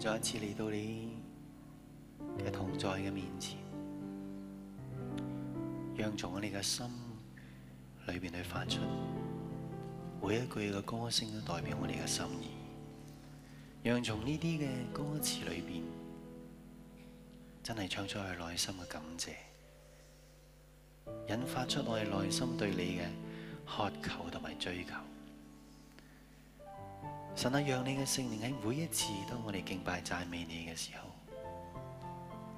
再一次嚟到你嘅同在嘅面前，讓從我哋嘅心裏邊去發出每一句嘅歌聲，都代表我哋嘅心意。讓從呢啲嘅歌詞裏邊，真係唱出我哋內心嘅感謝，引發出我哋內心對你嘅渴求同埋追求。神啊，讓你嘅聖靈喺每一次當我哋敬拜讚美你嘅時候，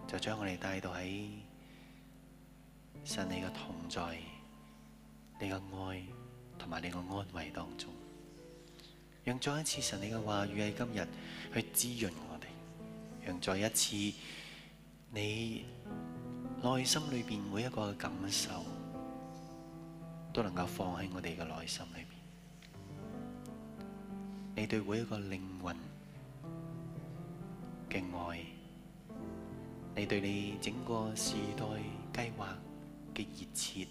就將我哋帶到喺神你嘅同在、你嘅愛同埋你嘅安慰當中。讓再一次神你嘅話語喺今日去滋潤我哋。讓再一次你內心裏邊每一個嘅感受都能夠放喺我哋嘅內心裏面。你對每一個靈魂嘅愛，你對你整個時代計劃嘅熱切，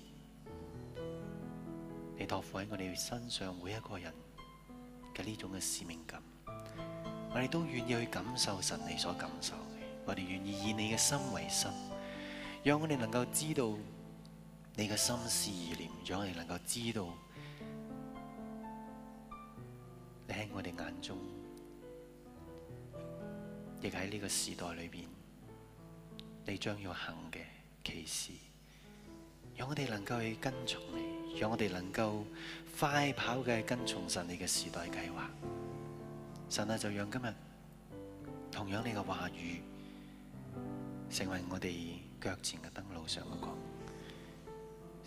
你託付喺我哋身上每一個人嘅呢種嘅使命感，我哋都願意去感受神你所感受嘅。我哋願意以你嘅心為心，讓我哋能夠知道你嘅心思意念，讓我哋能夠知道。你喺我哋眼中，亦喺呢個時代裏邊，你將要行嘅奇事，讓我哋能夠去跟從你，讓我哋能夠快跑嘅跟從神你嘅時代計劃。神啊，就讓今日同樣你嘅話語，成為我哋腳前嘅燈路上嘅光，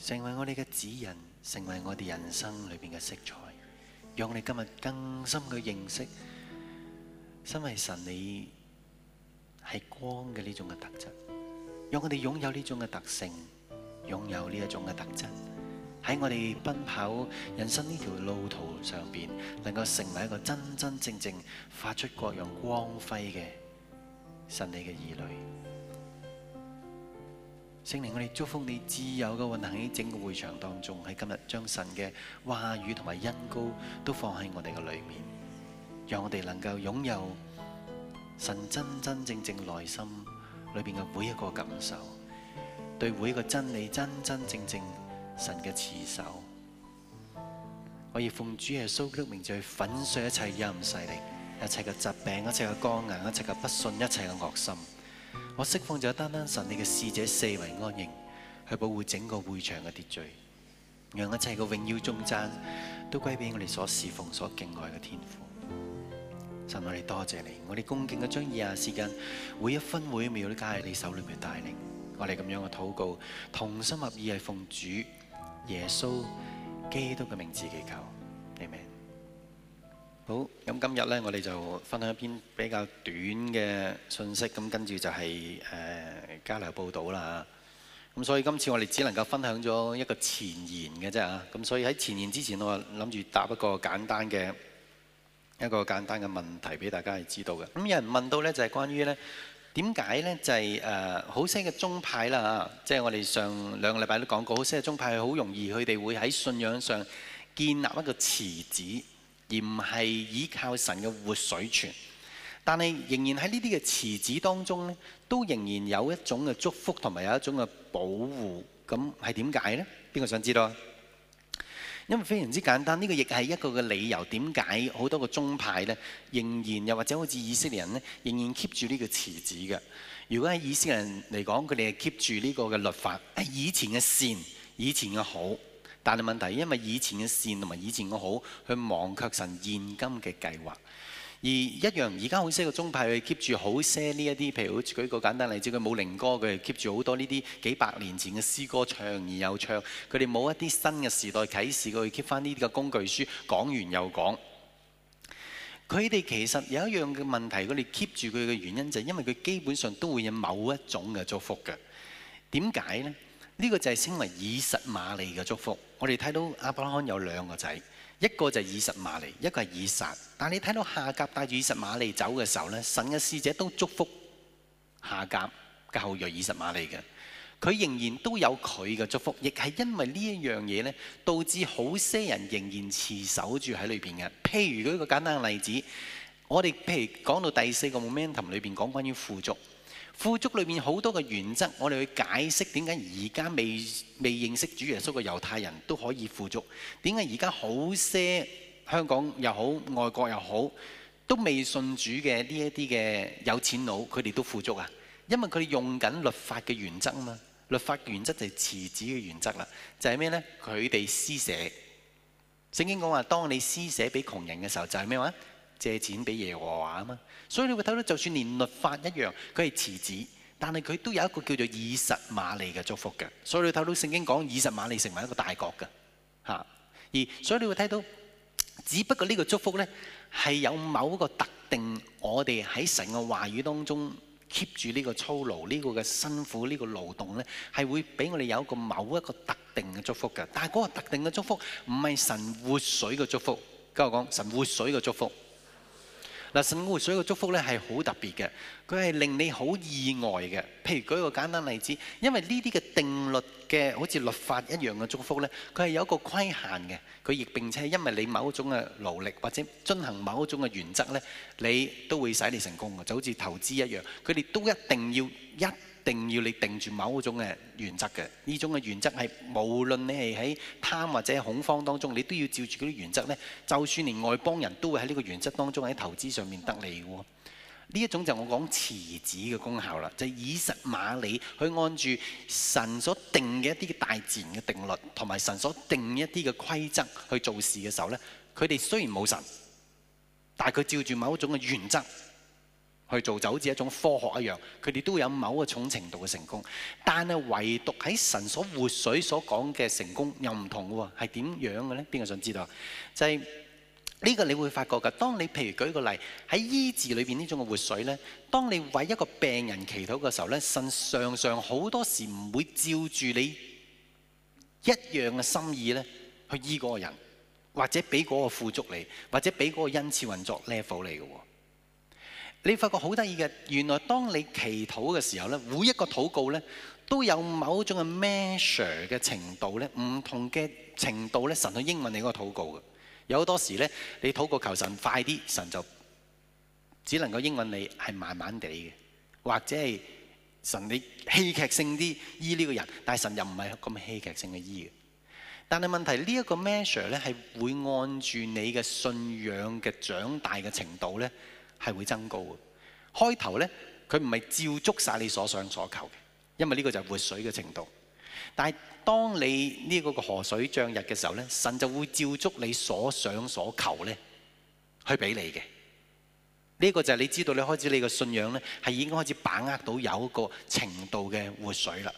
成為我哋嘅指引，成為我哋人生裏邊嘅色彩。讓我哋今日更深嘅認識，身為神你係光嘅呢種嘅特質，讓我哋擁有呢種嘅特性，擁有呢一種嘅特質，喺我哋奔跑人生呢條路途上邊，能夠成為一個真真正正發出各樣光輝嘅神你嘅兒女。聖靈，我哋祝福你自由嘅運行喺整個會場當中，喺今日將神嘅話語同埋恩膏都放喺我哋嘅裏面，讓我哋能夠擁有神真真正正內心裏邊嘅每一個感受，對每一個真理真真正正神嘅持守。我以奉主耶穌基督嘅名，就去粉碎一切陰勢力、一切嘅疾病、一切嘅剛硬、一切嘅不信、一切嘅惡心。我釋放咗單單神你嘅使者四圍安營，去保護整個會場嘅秩序，讓一切嘅榮耀頌讚都歸俾我哋所侍奉、所敬愛嘅天父。神，我哋多謝你，我哋恭敬嘅將廿時間，每一分每一秒都加喺你手裏面帶領。我哋咁樣嘅禱告，同心合意係奉主耶穌基督嘅名字祈求。好，咁今日呢，我哋就分享一篇比較短嘅信息，咁跟住就係誒交流報導啦。咁所以今次我哋只能夠分享咗一個前言嘅啫嚇，咁所以喺前言之前，我諗住答一個簡單嘅一個簡單嘅問題俾大家係知道嘅。咁有人問到呢，就係關於呢點解呢？就係誒好些嘅宗派啦嚇，即係我哋上兩個禮拜都講過，好些嘅宗派係好容易，佢哋會喺信仰上建立一個池子。而唔係依靠神嘅活水泉，但係仍然喺呢啲嘅池子當中呢，都仍然有一種嘅祝福同埋有一種嘅保護。咁係點解呢？邊個想知道啊？因為非常之簡單，呢個亦係一個嘅理由，點解好多個宗派呢，仍然又或者好似以色列人呢，仍然 keep 住呢個池子嘅。如果喺以色列人嚟講，佢哋係 keep 住呢個嘅律法，誒以前嘅善，以前嘅好。但係問題，因為以前嘅善同埋以前嘅好，佢忘卻神現今嘅計劃。而一樣，而家好些個宗派佢 keep 住好些呢一啲，譬如好似舉個簡單例子，佢冇靈歌佢 keep 住好多呢啲幾百年前嘅詩歌唱而又唱。佢哋冇一啲新嘅時代啟示，佢 keep 翻呢啲嘅工具書講完又講。佢哋其實有一樣嘅問題，佢哋 keep 住佢嘅原因就係因為佢基本上都會有某一種嘅祝福嘅。點解呢？呢個就係稱為以實瑪利嘅祝福。我哋睇到亞伯拉罕有兩個仔，一個就係以實瑪利，一個係以撒。但係你睇到夏甲帶住以實瑪利走嘅時候咧，神嘅使者都祝福夏甲教育以實瑪利嘅。佢仍然都有佢嘅祝福，亦係因為呢一樣嘢咧，導致好些人仍然持守住喺裏邊嘅。譬如舉個簡單嘅例子，我哋譬如講到第四個 momentum 裏邊講關於富足。富足裏面好多個原則，我哋去解釋點解而家未未認識主耶穌嘅猶太人都可以富足，點解而家好些香港又好、外國又好都未信主嘅呢一啲嘅有錢佬，佢哋都富足啊？因為佢哋用緊律法嘅原則啊嘛，律法嘅原則就係慈子嘅原則啦，就係、是、咩呢？佢哋施捨。聖經講話，當你施捨俾窮人嘅時候，就係咩話？借錢俾耶和華啊嘛，所以你會睇到，就算連律法一樣，佢係慈子，但係佢都有一個叫做以實瑪利嘅祝福嘅。所以你睇到聖經講以實瑪利成為一個大國嘅嚇，啊。而所以你會睇到，只不過呢個祝福呢係有某一個特定，我哋喺神嘅話語當中 keep 住呢個操勞呢、呢個嘅辛苦呢、呢個勞動呢係會俾我哋有一個某一個特定嘅祝福嘅。但係嗰個特定嘅祝福唔係神活水嘅祝福。跟我講，神活水嘅祝福。嗱，神活水嘅祝福咧係好特別嘅，佢係令你好意外嘅。譬如舉一個簡單例子，因為呢啲嘅定律嘅好似律法一樣嘅祝福呢，佢係有一個規限嘅，佢亦並且係因為你某種嘅勞力或者遵行某種嘅原則呢，你都會使你成功嘅，就好似投資一樣，佢哋都一定要一定要你定住某一種嘅原則嘅。呢種嘅原則係無論你係喺貪或者恐慌當中，你都要照住嗰啲原則呢，就算連外邦人都會喺呢個原則當中喺投資上面得利嘅喎，呢一種就我講持子嘅功效啦，就以實瑪利去按住神所定嘅一啲大自然嘅定律同埋神所定一啲嘅規則去做事嘅時候呢，佢哋雖然冇神，但係佢照住某一種嘅原則。去做就好似一種科學一樣，佢哋都有某一種程度嘅成功。但係唯獨喺神所活水所講嘅成功又唔同喎，係點樣嘅呢？邊個想知道？就係呢個，你會發覺嘅。當你譬如舉個例喺醫治裏邊呢種嘅活水呢，當你為一個病人祈禱嘅時候呢，神常常好多時唔會照住你一樣嘅心意呢去醫嗰個人，或者俾嗰個富足你，或者俾嗰個恩賜運作 level 你嘅喎。你發覺好得意嘅，原來當你祈禱嘅時候咧，每一個禱告咧都有某種嘅 measure 嘅程度咧，唔同嘅程度咧，神去應允你嗰個禱告嘅。有好多時咧，你禱告求神快啲，神就只能夠應允你。你係慢慢地嘅，或者係神你戲劇性啲醫呢個人，但係神又唔係咁戲劇性嘅醫嘅。但係問題呢一個 measure 咧，係會按住你嘅信仰嘅長大嘅程度咧。係會增高嘅，開頭咧佢唔係照足晒你所想所求嘅，因為呢個就係活水嘅程度。但係當你呢個河水漲日嘅時候呢，神就會照足你所想所求呢去俾你嘅。呢個就係你知道你開始你嘅信仰呢係已經開始把握到有一個程度嘅活水啦。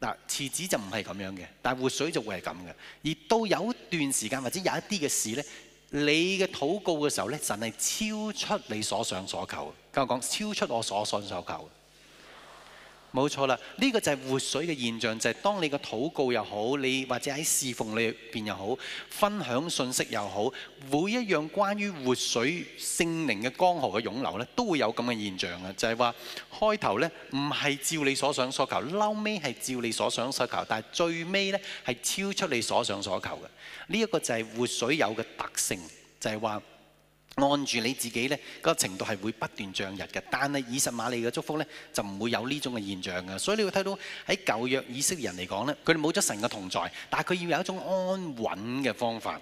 嗱，池子就唔係咁樣嘅，但係活水就會係咁嘅。而到有一段時間或者有一啲嘅事呢。你嘅禱告嘅時候呢，神係超出你所想所求的。跟我講，超出我所想所求的。冇錯啦，呢、這個就係活水嘅現象，就係、是、當你嘅禱告又好，你或者喺侍奉裏邊又好，分享信息又好，每一樣關於活水聖靈嘅江河嘅湧流呢，都會有咁嘅現象啊！就係話開頭呢唔係照你所想所求，後尾係照你所想所求，但係最尾呢係超出你所想所求嘅。呢、這、一個就係活水有嘅特性，就係、是、話。按住你自己呢，個程度係會不斷漲日嘅。但係以實瑪利嘅祝福呢，就唔會有呢種嘅現象嘅。所以你會睇到喺舊約以色列人嚟講呢，佢哋冇咗神嘅同在，但係佢要有一種安穩嘅方法。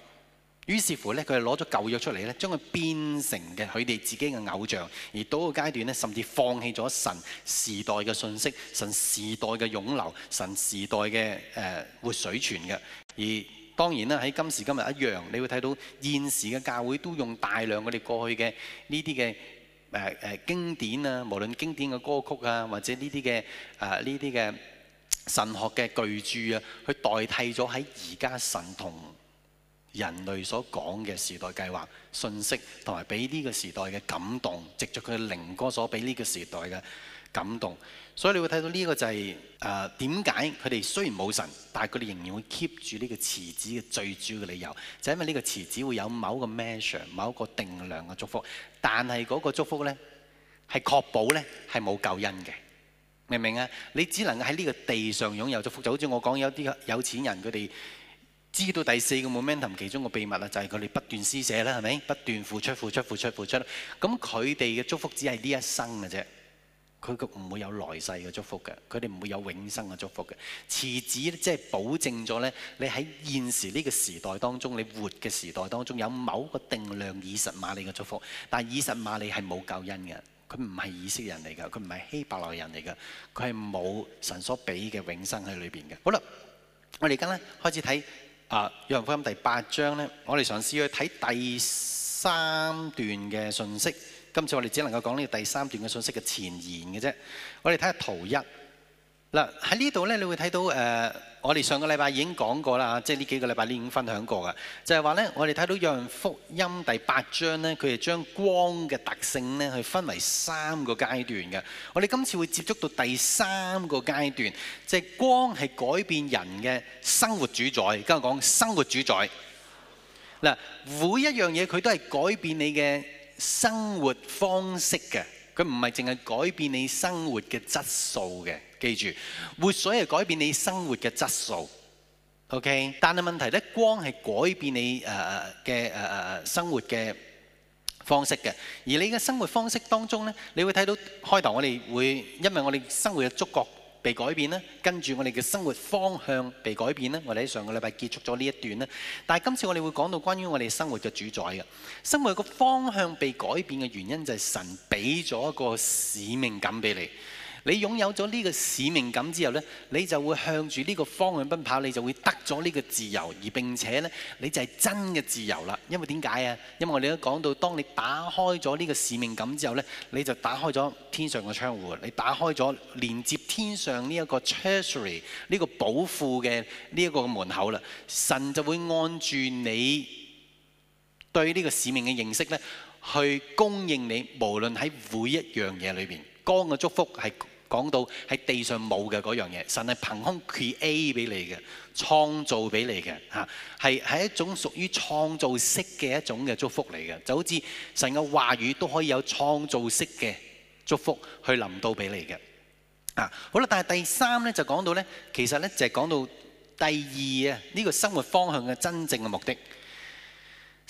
於是乎呢，佢係攞咗舊約出嚟呢，將佢變成嘅佢哋自己嘅偶像。而到個階段呢，甚至放棄咗神時代嘅信息、神時代嘅湧流、神時代嘅誒活水泉嘅。而當然啦，喺今時今日一樣，你會睇到現時嘅教會都用大量我哋過去嘅呢啲嘅誒誒經典啊，無論經典嘅歌曲啊，或者呢啲嘅誒呢啲嘅神學嘅巨著啊，去代替咗喺而家神同人類所講嘅時代計劃、信息，同埋俾呢個時代嘅感動，藉着佢嘅靈歌所俾呢個時代嘅感動。所以你會睇到呢個就係誒，點解佢哋雖然冇神，但係佢哋仍然會 keep 住呢個慈子嘅最主要嘅理由，就係、是、因為呢個慈子會有某個 measure、某一個定量嘅祝福。但係嗰個祝福呢，係確保呢係冇救恩嘅，明唔明啊？你只能喺呢個地上擁有祝福，就好似我講有啲有錢人佢哋知道第四個 momentum 其中個秘密啦，就係佢哋不斷施捨啦，係咪？不斷付出、付出、付出、付出。咁佢哋嘅祝福只係呢一生嘅啫。佢唔會有來世嘅祝福嘅，佢哋唔會有永生嘅祝福嘅。恥指即係保證咗咧，你喺現時呢個時代當中，你活嘅時代當中有某個定量以實瑪利嘅祝福，但係以實瑪利係冇救恩嘅，佢唔係以色列人嚟嘅，佢唔係希伯來人嚟嘅，佢係冇神所俾嘅永生喺裏邊嘅。好啦，我哋而家咧開始睇啊《約翰福音》第八章咧，我哋嘗試去睇第三段嘅信息。今次我哋只能夠講呢個第三段嘅信息嘅前言嘅啫。我哋睇下圖一，嗱喺呢度呢，你會睇到誒，我哋上個禮拜已經講過啦，即係呢幾個禮拜你已經分享過嘅，就係話呢，我哋睇到《約翰福音》第八章呢，佢係將光嘅特性呢去分為三個階段嘅。我哋今次會接觸到第三個階段，即係光係改變人嘅生活主宰。今日講生活主宰，嗱，每一樣嘢佢都係改變你嘅。生活方式嘅，佢唔係淨係改變你生活嘅質素嘅，記住，活水係改變你生活嘅質素，OK。但係問題咧，光係改變你誒誒嘅誒誒生活嘅方式嘅，而你嘅生活方式當中咧，你會睇到開頭我哋會，因為我哋生活嘅觸覺，被改變咧，跟住我哋嘅生活方向被改變咧。我哋喺上個禮拜結束咗呢一段咧，但係今次我哋會講到關於我哋生活嘅主宰嘅生活嘅方向被改變嘅原因就係神俾咗一個使命感俾你。你擁有咗呢個使命感之後呢，你就會向住呢個方向奔跑，你就會得咗呢個自由，而並且呢，你就係真嘅自由啦。因為點解啊？因為我哋都講到，當你打開咗呢個使命感之後呢，你就打開咗天上嘅窗戶，你打開咗連接天上呢一個 treasury 呢個寶庫嘅呢一個嘅門口啦。神就會按住你對呢個使命嘅認識呢，去供應你，無論喺每一樣嘢裏邊，光嘅祝福係。講到喺地上冇嘅嗰樣嘢，神係憑空 create 俾你嘅，創造俾你嘅嚇，係係一種屬於創造式嘅一種嘅祝福嚟嘅，就好似神嘅話語都可以有創造式嘅祝福去臨到俾你嘅啊。好啦，但係第三呢，就講到呢，其實呢，就係講到第二啊呢個生活方向嘅真正嘅目的。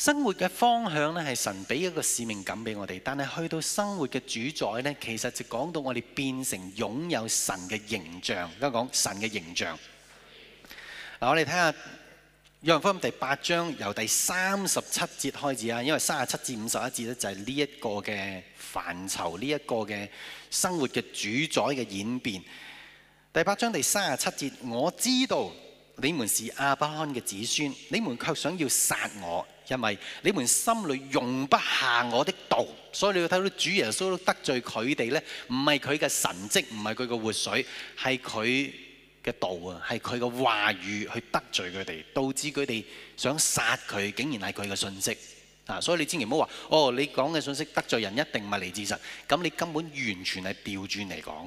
生活嘅方向咧，係神俾一個使命感俾我哋。但係去到生活嘅主宰呢，其實就講到我哋變成擁有神嘅形象。而家講神嘅形象嗱？我哋睇下《約翰福音》第八章，由第三十七節開始啊。因為三十七至五十一節呢，就係呢一個嘅範疇，呢、這、一個嘅生活嘅主宰嘅演變。第八章第三十七節，我知道你們是亞伯拉罕嘅子孫，你們卻想要殺我。因為你們心裏容不下我的道，所以你要睇到主耶穌都得罪佢哋呢，唔係佢嘅神跡，唔係佢嘅活水，係佢嘅道啊，係佢嘅話語去得罪佢哋，導致佢哋想殺佢，竟然係佢嘅信息啊！所以你千祈唔好話哦，你講嘅信息得罪人一定唔係嚟自神，咁你根本完全係掉轉嚟講。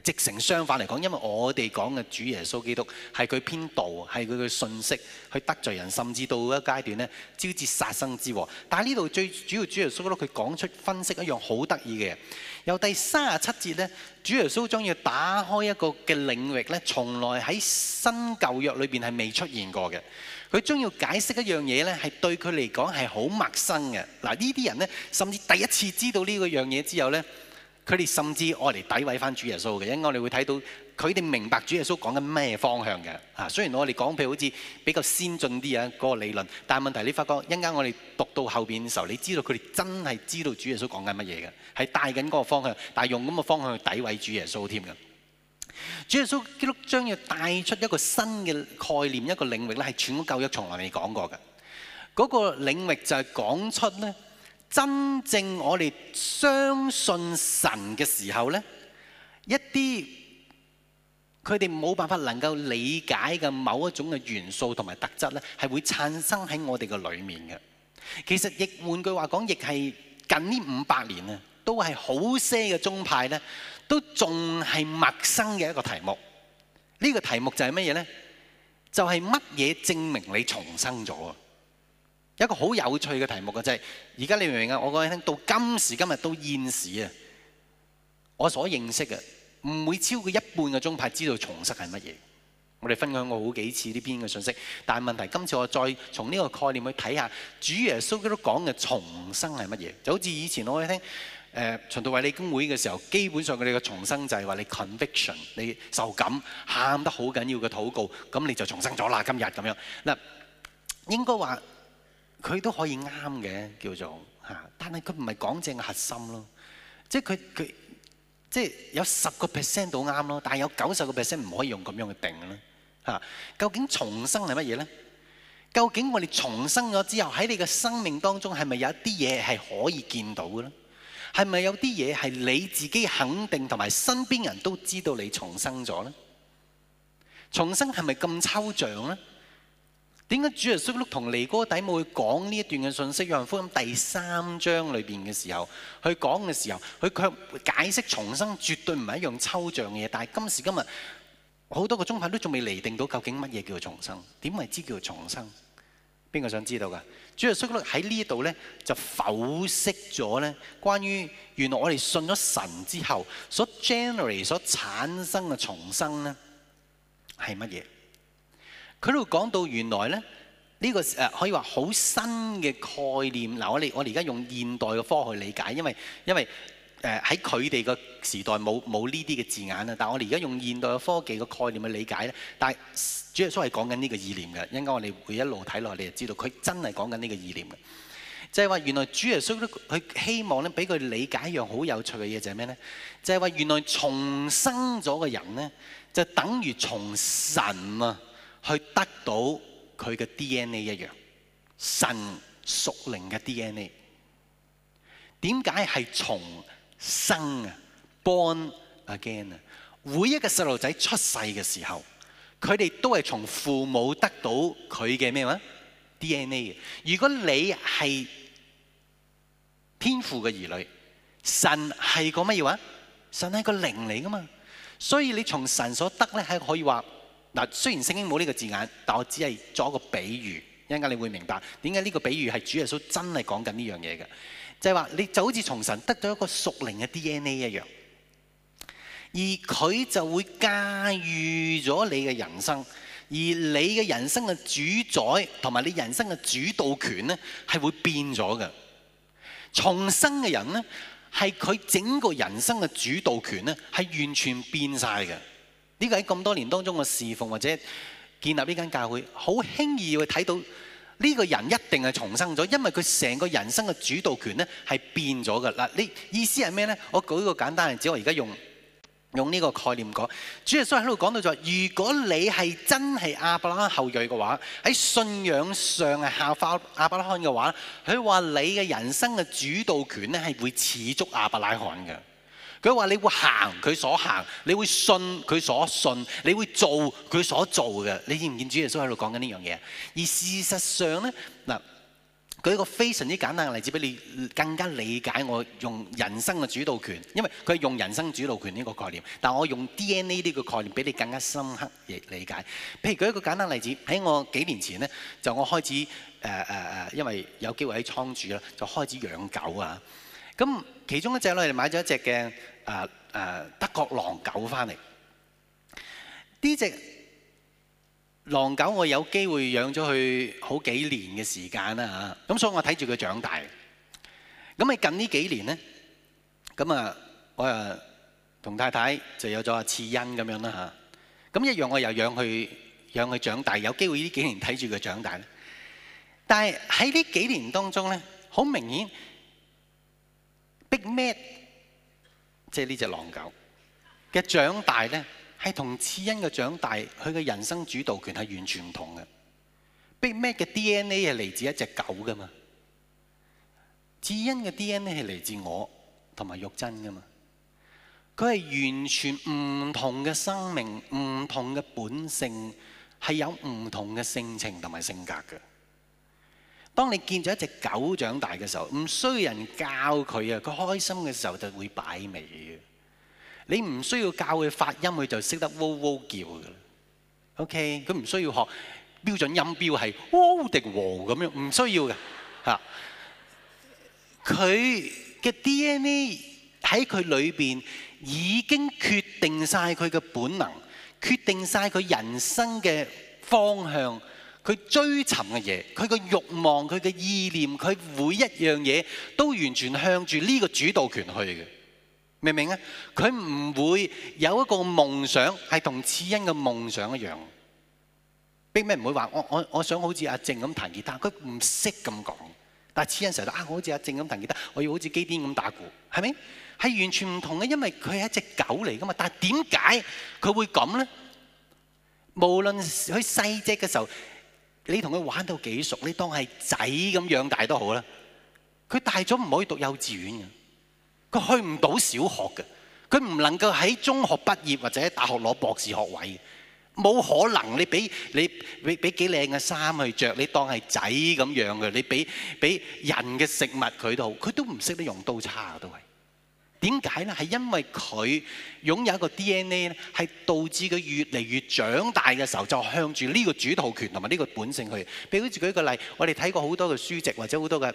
直情相反嚟講，因為我哋講嘅主耶穌基督係佢編導，係佢嘅信息去得罪人，甚至到一階段呢，招致殺身之禍。但係呢度最主要，主耶穌佢講出分析一樣好得意嘅嘢。由第三十七節呢，主耶穌將要打開一個嘅領域咧，從來喺新舊約裏邊係未出現過嘅。佢將要解釋一樣嘢呢，係對佢嚟講係好陌生嘅。嗱，呢啲人呢，甚至第一次知道呢個樣嘢之後呢，佢哋甚至愛嚟詆毀翻主耶穌嘅，因為我哋會睇到佢哋明白主耶穌講緊咩方向嘅。啊，雖然我哋講譬如好似比較先進啲啊嗰個理論，但係問題你發覺一陣間我哋讀到後邊嘅時候，你知道佢哋真係知道主耶穌講緊乜嘢嘅，係帶緊嗰個方向，但係用咁嘅方向去詆毀主耶穌添嘅。主耶穌基督將要帶出一個新嘅概念，一個領域咧係全個教約從來未講過嘅。嗰、那個領域就係講出咧。真正我哋相信神嘅時候呢，一啲佢哋冇辦法能夠理解嘅某一種嘅元素同埋特質呢，係會產生喺我哋嘅裏面嘅。其實亦換句話講，亦係近呢五百年啊，都係好些嘅宗派咧，都仲係陌生嘅一個題目。呢個題目就係乜嘢呢？就係乜嘢證明你重生咗啊？一個好有趣嘅題目嘅就係，而家你明唔明啊？我講你聽到今時今日到現時啊，我所認識嘅唔會超過一半嘅宗派知道重生係乜嘢。我哋分享過好幾次呢邊嘅信息，但係問題今次我再從呢個概念去睇下主耶穌基督講嘅重生係乜嘢。就好似以前我哋聽誒循、呃、道衛理公會嘅時候，基本上佢哋嘅重生就係話你 conviction，你受感喊得好緊要嘅禱告，咁你就重生咗啦。今日咁樣嗱，應該話。佢都可以啱嘅叫做吓，但係佢唔係講正核心咯，即係佢佢即係有十個 percent 都啱咯，但係有九十個 percent 唔可以用咁樣去定啦、吓、究竟重生係乜嘢咧？究竟我哋重生咗之後，喺你嘅生命當中係咪有一啲嘢係可以見到嘅咧？係咪有啲嘢係你自己肯定同埋身邊人都知道你重生咗咧？重生係咪咁抽象咧？點解主耶穌同尼哥底母去講呢一段嘅信息？約翰福音第三章裏邊嘅時候，去講嘅時候，佢卻解釋重生絕對唔係一樣抽象嘅嘢。但係今時今日，好多個宗派都仲未釐定到究竟乜嘢叫做重生？點為之叫做重生？邊個想知道㗎？主耶穌喺呢度咧，就否釋咗咧，關於原來我哋信咗神之後所 generate 所產生嘅重生咧，係乜嘢？佢都會講到原來咧，呢個誒可以話好新嘅概念嗱，我哋我哋而家用現代嘅科學去理解，因為因為誒喺佢哋嘅時代冇冇呢啲嘅字眼啊。但係我哋而家用現代嘅科技嘅概念去理解咧，但係主耶穌係講緊呢個意念嘅，應該我哋會一路睇落去，你就知道佢真係講緊呢個意念嘅，就係話原來主耶穌咧，佢希望咧俾佢理解一樣好有趣嘅嘢，就係咩咧？就係話原來重生咗嘅人咧，就等於從神啊。去得到佢嘅 DNA 一樣，神屬靈嘅 DNA。點解係重生啊？Born again 啊！每一個細路仔出世嘅時候，佢哋都係從父母得到佢嘅咩話 DNA 嘅。如果你係天父嘅兒女，神係個乜嘢話？神係個靈嚟噶嘛。所以你從神所得咧，係可以話。嗱，雖然聖經冇呢個字眼，但我只係作一個比喻。一陣間你會明白點解呢個比喻係主耶穌真係講緊呢樣嘢嘅，就係話你就好似從神得到一個屬靈嘅 DNA 一樣，而佢就會駕馭咗你嘅人生，而你嘅人生嘅主宰同埋你人生嘅主導權呢係會變咗嘅。重生嘅人呢，係佢整個人生嘅主導權呢係完全變晒嘅。呢、這個喺咁多年當中嘅侍奉或者建立呢間教會，好輕易會睇到呢個人一定係重生咗，因為佢成個人生嘅主導權咧係變咗嘅。嗱，你意思係咩呢？我舉一個簡單例子，我而家用用呢個概念講，主耶穌喺度講到就如果你係真係亞伯拉罕後裔嘅話，喺信仰上係效法亞伯拉罕嘅話，佢話你嘅人生嘅主導權咧係會似足亞伯拉罕嘅。佢話：你會行佢所行，你會信佢所信，你會做佢所做嘅。你見唔見主耶穌喺度講緊呢樣嘢？而事實上呢，嗱，舉一個非常之簡單嘅例子俾你，更加理解我用人生嘅主導權，因為佢係用人生主導權呢個概念，但我用 DNA 呢個概念俾你更加深刻亦理解。譬如舉一個簡單例子，喺我幾年前呢，就我開始誒誒誒，因為有機會喺倉住啦，就開始養狗啊。咁其中一隻咧，就買咗一隻嘅。啊！誒、啊，德國狼狗翻嚟，呢隻狼狗我有機會養咗佢好幾年嘅時間啦嚇，咁所以我睇住佢長大。咁喺近呢幾年咧，咁啊，我啊同太太就有咗阿次恩咁樣啦嚇，咁一樣我又養佢，養佢長大，有機會呢幾年睇住佢長大。但係喺呢幾年當中咧，好明顯，Big Mac。即係呢隻狼狗嘅長大咧，係同智恩嘅長大，佢嘅人生主導權係完全唔同嘅。Big Mac 嘅 DNA 係嚟自一隻狗噶嘛，智恩嘅 DNA 係嚟自我同埋玉珍噶嘛，佢係完全唔同嘅生命、唔同嘅本性，係有唔同嘅性情同埋性格嘅。當你見咗一隻狗長大嘅時候，唔需要人教佢啊，佢開心嘅時候就會擺尾嘅。你唔需要教佢發音，佢就識得嗡嗡叫嘅。OK，佢唔需要學標準音標係喔定和咁樣，唔需要嘅嚇。佢嘅 DNA 喺佢裏邊已經決定晒佢嘅本能，決定晒佢人生嘅方向。佢追尋嘅嘢，佢嘅慾望，佢嘅意念，佢每一樣嘢都完全向住呢個主導權去嘅，明唔明啊？佢唔會有一個夢想係同恉因嘅夢想一樣。逼咩唔會話我我我想好似阿靜咁彈吉他，佢唔識咁講。但恉因成日都啊，我好似阿靜咁彈吉他，我要好似基邊咁打鼓，係咪？係完全唔同嘅，因為佢係一隻狗嚟噶嘛。但係點解佢會咁咧？無論佢細隻嘅時候。你同佢玩到幾熟？你當係仔咁養大都好啦。佢大咗唔可以讀幼稚園嘅，佢去唔到小學嘅，佢唔能夠喺中學畢業或者喺大學攞博士學位嘅，冇可能你。你俾你俾俾幾靚嘅衫去着。你當係仔咁樣嘅。你俾俾人嘅食物佢都好，佢都唔識得用刀叉嘅都係。點解呢？係因為佢擁有一個 DNA 咧，係導致佢越嚟越長大嘅時候，就向住呢個主導權同埋呢個本性去。比如住舉個例，我哋睇過好多嘅書籍或者好多嘅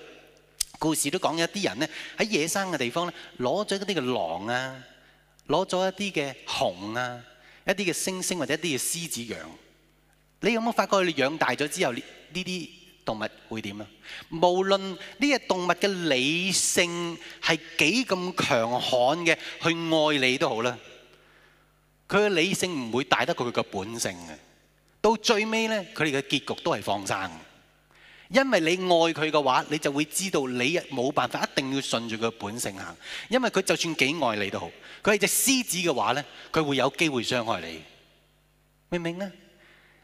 故事都，都講一啲人呢喺野生嘅地方呢，攞咗一啲嘅狼啊，攞咗一啲嘅熊啊，一啲嘅猩猩或者一啲嘅獅子養。你有冇發覺你養大咗之後，呢啲？動物會點啊？無論呢隻動物嘅理性係幾咁強悍嘅，去愛你都好啦。佢嘅理性唔會大得過佢嘅本性嘅。到最尾咧，佢哋嘅結局都係放生。因為你愛佢嘅話，你就會知道你冇辦法，一定要順住佢嘅本性行。因為佢就算幾愛你都好，佢係隻獅子嘅話咧，佢會有機會傷害你。明唔明啊？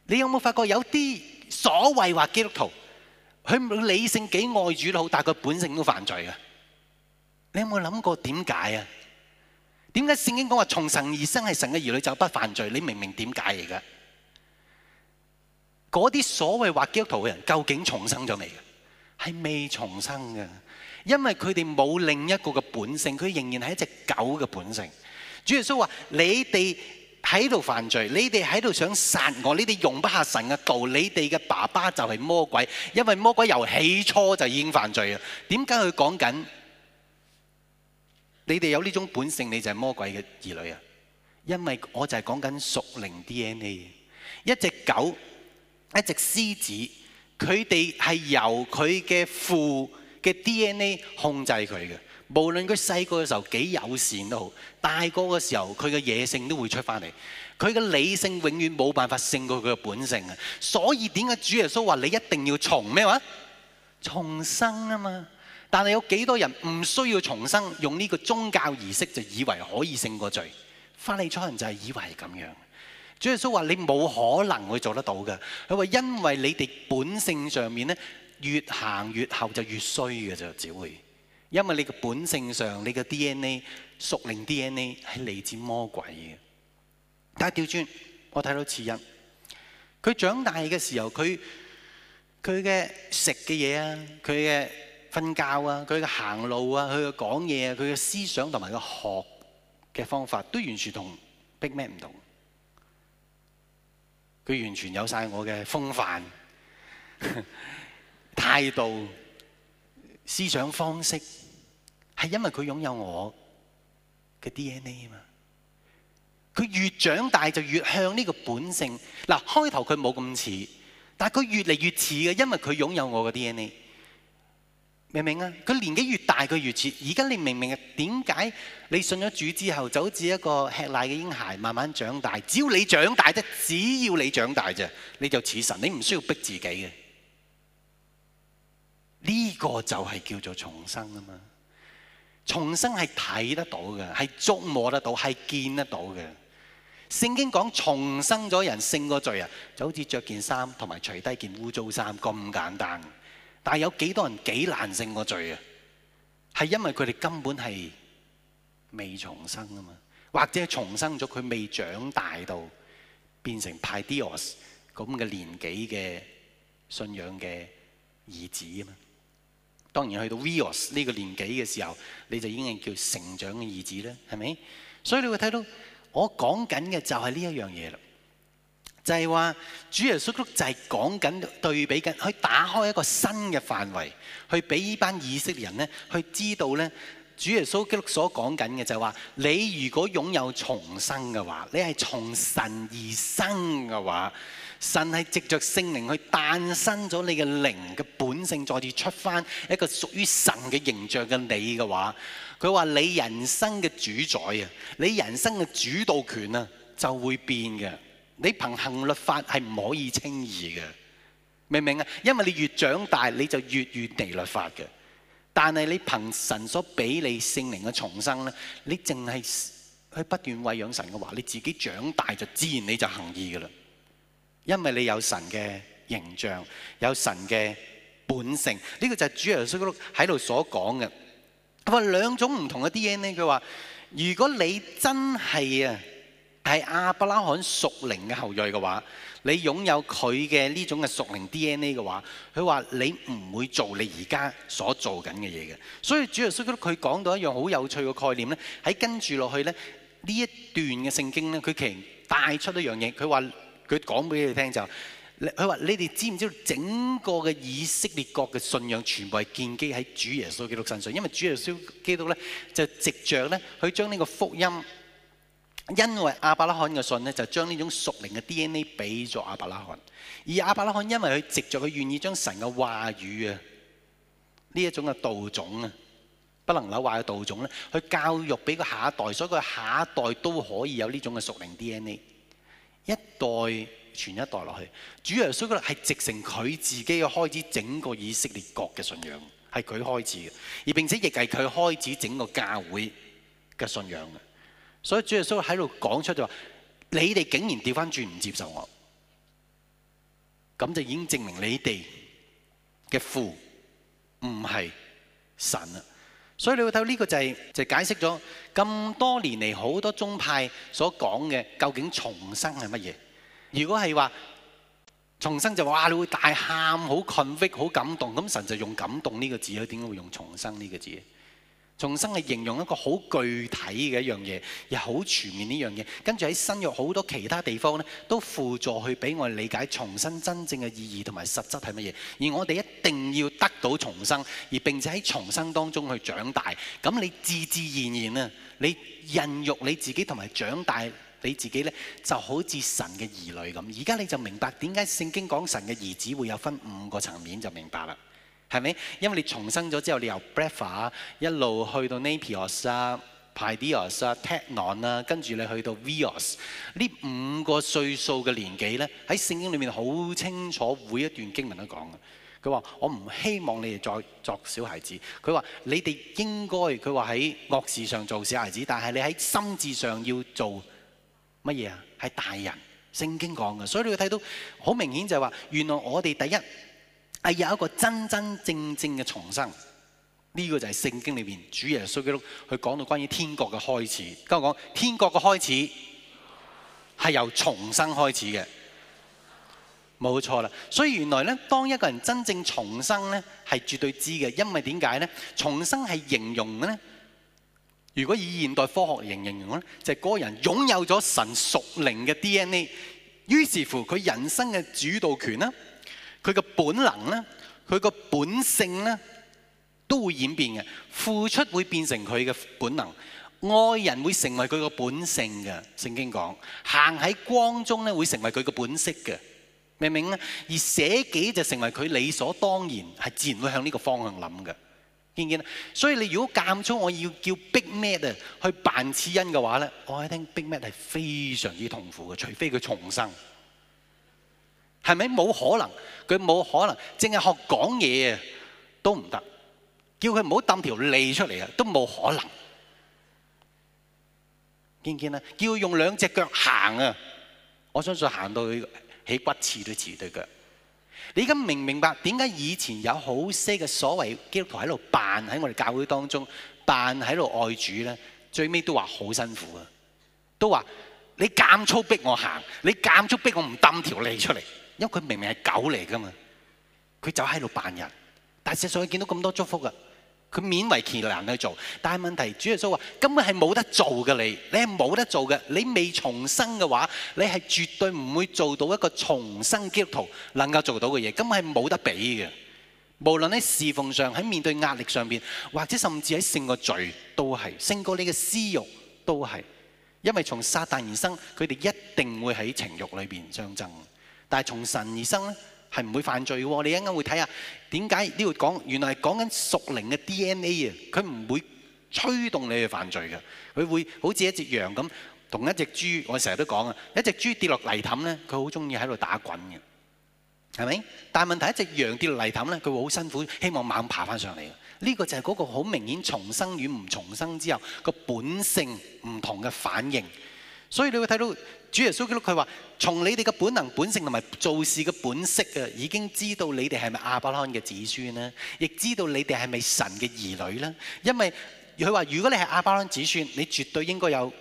你有冇發覺有啲所謂話基督徒？佢理性幾愛主都好，但係佢本性都犯罪嘅。你有冇諗過點解啊？點解聖經講話從神而生係神嘅兒女就不犯罪？你明唔明點解嚟㗎？嗰啲所謂畫基督徒嘅人究竟重生咗未？係未重生嘅，因為佢哋冇另一個嘅本性，佢仍然係一隻狗嘅本性。主耶穌話：你哋，喺度犯罪，你哋喺度想殺我，你哋容不下神嘅道，你哋嘅爸爸就係魔鬼，因為魔鬼由起初就已經犯罪啦。點解佢講緊，你哋有呢種本性，你就係魔鬼嘅兒女啊？因為我就係講緊屬靈 DNA 嘅，一隻狗，一隻獅子，佢哋係由佢嘅父嘅 DNA 控制佢嘅。無論佢細個嘅時候幾友善都好，大個嘅時候佢嘅野性都會出翻嚟。佢嘅理性永遠冇辦法勝過佢嘅本性啊！所以點解主耶穌話你一定要重咩話？重生啊嘛！但係有幾多人唔需要重生，用呢個宗教儀式就以為可以勝過罪。翻嚟初人就係以為係咁樣。主耶穌話你冇可能會做得到嘅。佢話因為你哋本性上面咧，越行越後就越衰嘅就只會。因為你的本性上，你的 DNA、屬靈 DNA 係嚟自魔鬼的。大家係調轉，我睇到次因，佢長大嘅時候，佢佢嘅食嘅嘢啊，佢嘅瞓覺啊，佢嘅行路啊，佢嘅講嘢啊，佢嘅思想同埋的學嘅方法，都完全同 Big Man 唔同。佢完全有晒我嘅風範、 態度、思想方式。係因為佢擁有我嘅 DNA 啊嘛，佢越長大就越向呢個本性。嗱，開頭佢冇咁似，但係佢越嚟越似嘅，因為佢擁有我嘅 DNA。明唔明啊？佢年紀越大，佢越似。而家你明唔明啊？點解你信咗主之後，就好似一個吃奶嘅嬰孩，慢慢長大。只要你長大啫，只要你長大啫，你就似神。你唔需要逼自己嘅。呢個就係叫做重生啊嘛。重生係睇得到嘅，係捉摸得到，係見得到嘅。聖經講重生咗人，勝過罪啊，就好似着件衫同埋除低件污糟衫咁簡單。但係有幾多人幾難勝過罪啊？係因為佢哋根本係未重生啊嘛，或者係重生咗佢未長大到變成派啲我咁嘅年紀嘅信仰嘅兒子啊嘛。當然去到 Vos 呢個年紀嘅時候，你就已經叫成長嘅意志啦，係咪？所以你會睇到我講緊嘅就係呢一樣嘢啦，就係、是、話主耶穌基督就係講緊對比緊，去打開一個新嘅範圍，去俾呢班以色列人咧去知道咧，主耶穌基督所講緊嘅就係話，你如果擁有重生嘅話，你係從神而生嘅話。神係藉着聖靈去誕生咗你嘅靈嘅本性，再次出翻一個屬於神嘅形象嘅你嘅話，佢話你人生嘅主宰啊，你人生嘅主導權啊就會變嘅。你憑行律法係唔可以輕易嘅，明唔明啊？因為你越長大你就越越地律法嘅，但係你憑神所俾你聖靈嘅重生咧，你淨係去不斷餵養神嘅話，你自己長大就自然你就行義嘅啦。因為你有神嘅形象，有神嘅本性，呢、這個就係主耶穌基督喺度所講嘅。佢話兩種唔同嘅 DNA，佢話如果你真係啊係亞伯拉罕屬靈嘅後裔嘅話，你擁有佢嘅呢種嘅屬靈 DNA 嘅話，佢話你唔會做你而家所做緊嘅嘢嘅。所以主耶穌基督佢講到一樣好有趣嘅概念咧，喺跟住落去咧呢一段嘅聖經咧，佢其實帶出一樣嘢，佢話。佢講俾你聽就，佢話你哋知唔知道整個嘅以色列國嘅信仰全部係建基喺主耶穌基督身上？因為主耶穌基督咧就藉著咧，佢將呢個福音，因為亞伯拉罕嘅信咧，就將呢種屬靈嘅 DNA 俾咗亞伯拉罕。而亞伯拉罕因為佢藉著，佢願意將神嘅話語啊，呢一種嘅道種啊，不能扭壞嘅道種咧，去教育俾佢下一代，所以佢下一代都可以有呢種嘅屬靈 DNA。一代傳一代落去，主耶穌佢係直承佢自己開始整個以色列國嘅信仰，係佢開始嘅，而並且亦係佢開始整個教會嘅信仰嘅。所以主耶穌喺度講出就話：你哋竟然調返轉唔接受我，咁就已經證明你哋嘅父唔係神啦。所以你會睇到呢個就係、是、解、就是、解釋咗咁多年嚟好多宗派所講嘅究竟重生係乜嘢？如果係話重生就話，你會大喊好困惑、好感動，咁神就用感動呢個字，點解會用重生呢個字？重生係形容一個好具體嘅一樣嘢，又好全面呢樣嘢。跟住喺新約好多其他地方呢，都輔助去俾我哋理解重生真正嘅意義同埋實質係乜嘢。而我哋一定要得到重生，而並且喺重生當中去長大。咁你自自然然啊，你孕育你自己同埋長大你自己呢，就好似神嘅兒女咁。而家你就明白點解聖經講神嘅兒子會有分五個層面，就明白啦。係咪？因為你重生咗之後，你由 Brevia 一路去到 Napius 啊、Padius 啊、Technon 啊，跟住你去到 Vios，呢五個歲數嘅年紀呢，喺聖經裏面好清楚，每一段經文都講嘅。佢話：我唔希望你哋再作小孩子。佢話：你哋應該，佢話喺惡事上做小孩子，但係你喺心智上要做乜嘢啊？係大人。聖經講嘅，所以你睇到好明顯就係話，原來我哋第一。係有一個真真正正嘅重生，呢個就係聖經裏面主耶穌基督佢講到關於天國嘅開始。今日講天國嘅開始係由重生開始嘅，冇錯啦。所以原來咧，當一個人真正重生咧，係絕對知嘅，因為點解咧？重生係形容嘅咧。如果以現代科學嚟形容咧，就係嗰個人擁有咗神屬靈嘅 DNA，於是乎佢人生嘅主導權啦。佢個本能呢，佢個本性呢，都會演變嘅。付出會變成佢嘅本能，愛人會成為佢個本性嘅。聖經講行喺光中呢，會成為佢嘅本色嘅，明唔明呢？而捨己就成為佢理所當然，係自然會向呢個方向諗嘅。見唔見啊？所以你如果間充我要叫 Big m e t 去扮次恩嘅話呢，我係聽 Big m e t 係非常之痛苦嘅，除非佢重生。係咪冇可能？佢冇可能淨係學講嘢啊，都唔得。叫佢唔好揼條脷出嚟啊，都冇可能。見唔見啊？叫佢用兩隻腳行啊！我相信行到去起骨刺都遲得嘅。你而家明唔明白點解以前有好些嘅所謂基督徒喺度扮喺我哋教會當中扮喺度愛主咧？最尾都話好辛苦啊！都話你減粗逼我行，你減粗逼我唔揼條脷出嚟。因為佢明明係狗嚟噶嘛，佢就喺度扮人，但係事實上佢見到咁多祝福噶，佢勉為其難去做。但係問題是主耶穌話根本係冇得做嘅，你，你係冇得做嘅，你未重生嘅話，你係絕對唔會做到一個重生基督徒能夠做到嘅嘢，根本係冇得比嘅。無論喺侍奉上，喺面對壓力上邊，或者甚至喺勝個罪都係勝過你嘅私欲都係，因為從撒旦而生，佢哋一定會喺情欲裏邊相爭。但係從神而生咧，係唔會犯罪嘅喎。你一陣間會睇下點解呢度講，原來係講緊屬靈嘅 DNA 啊！佢唔會吹動你去犯罪嘅，佢會好似一隻羊咁，同一隻豬。我成日都講啊，一隻豬跌落泥潭咧，佢好中意喺度打滾嘅，係咪？但係問題一隻羊跌落泥潭咧，佢會好辛苦，希望猛爬返上嚟嘅。呢、呢個就係嗰個好明顯重生與唔重生之後個本性唔同嘅反應。所以你會睇到。主耶穌基督佢話：從你哋嘅本能本性同埋做事嘅本色啊，已經知道你哋係咪亞伯拉罕嘅子孫呢，亦知道你哋係咪神嘅兒女呢。因為佢話：如果你係亞伯拉罕子孫，你絕對應該有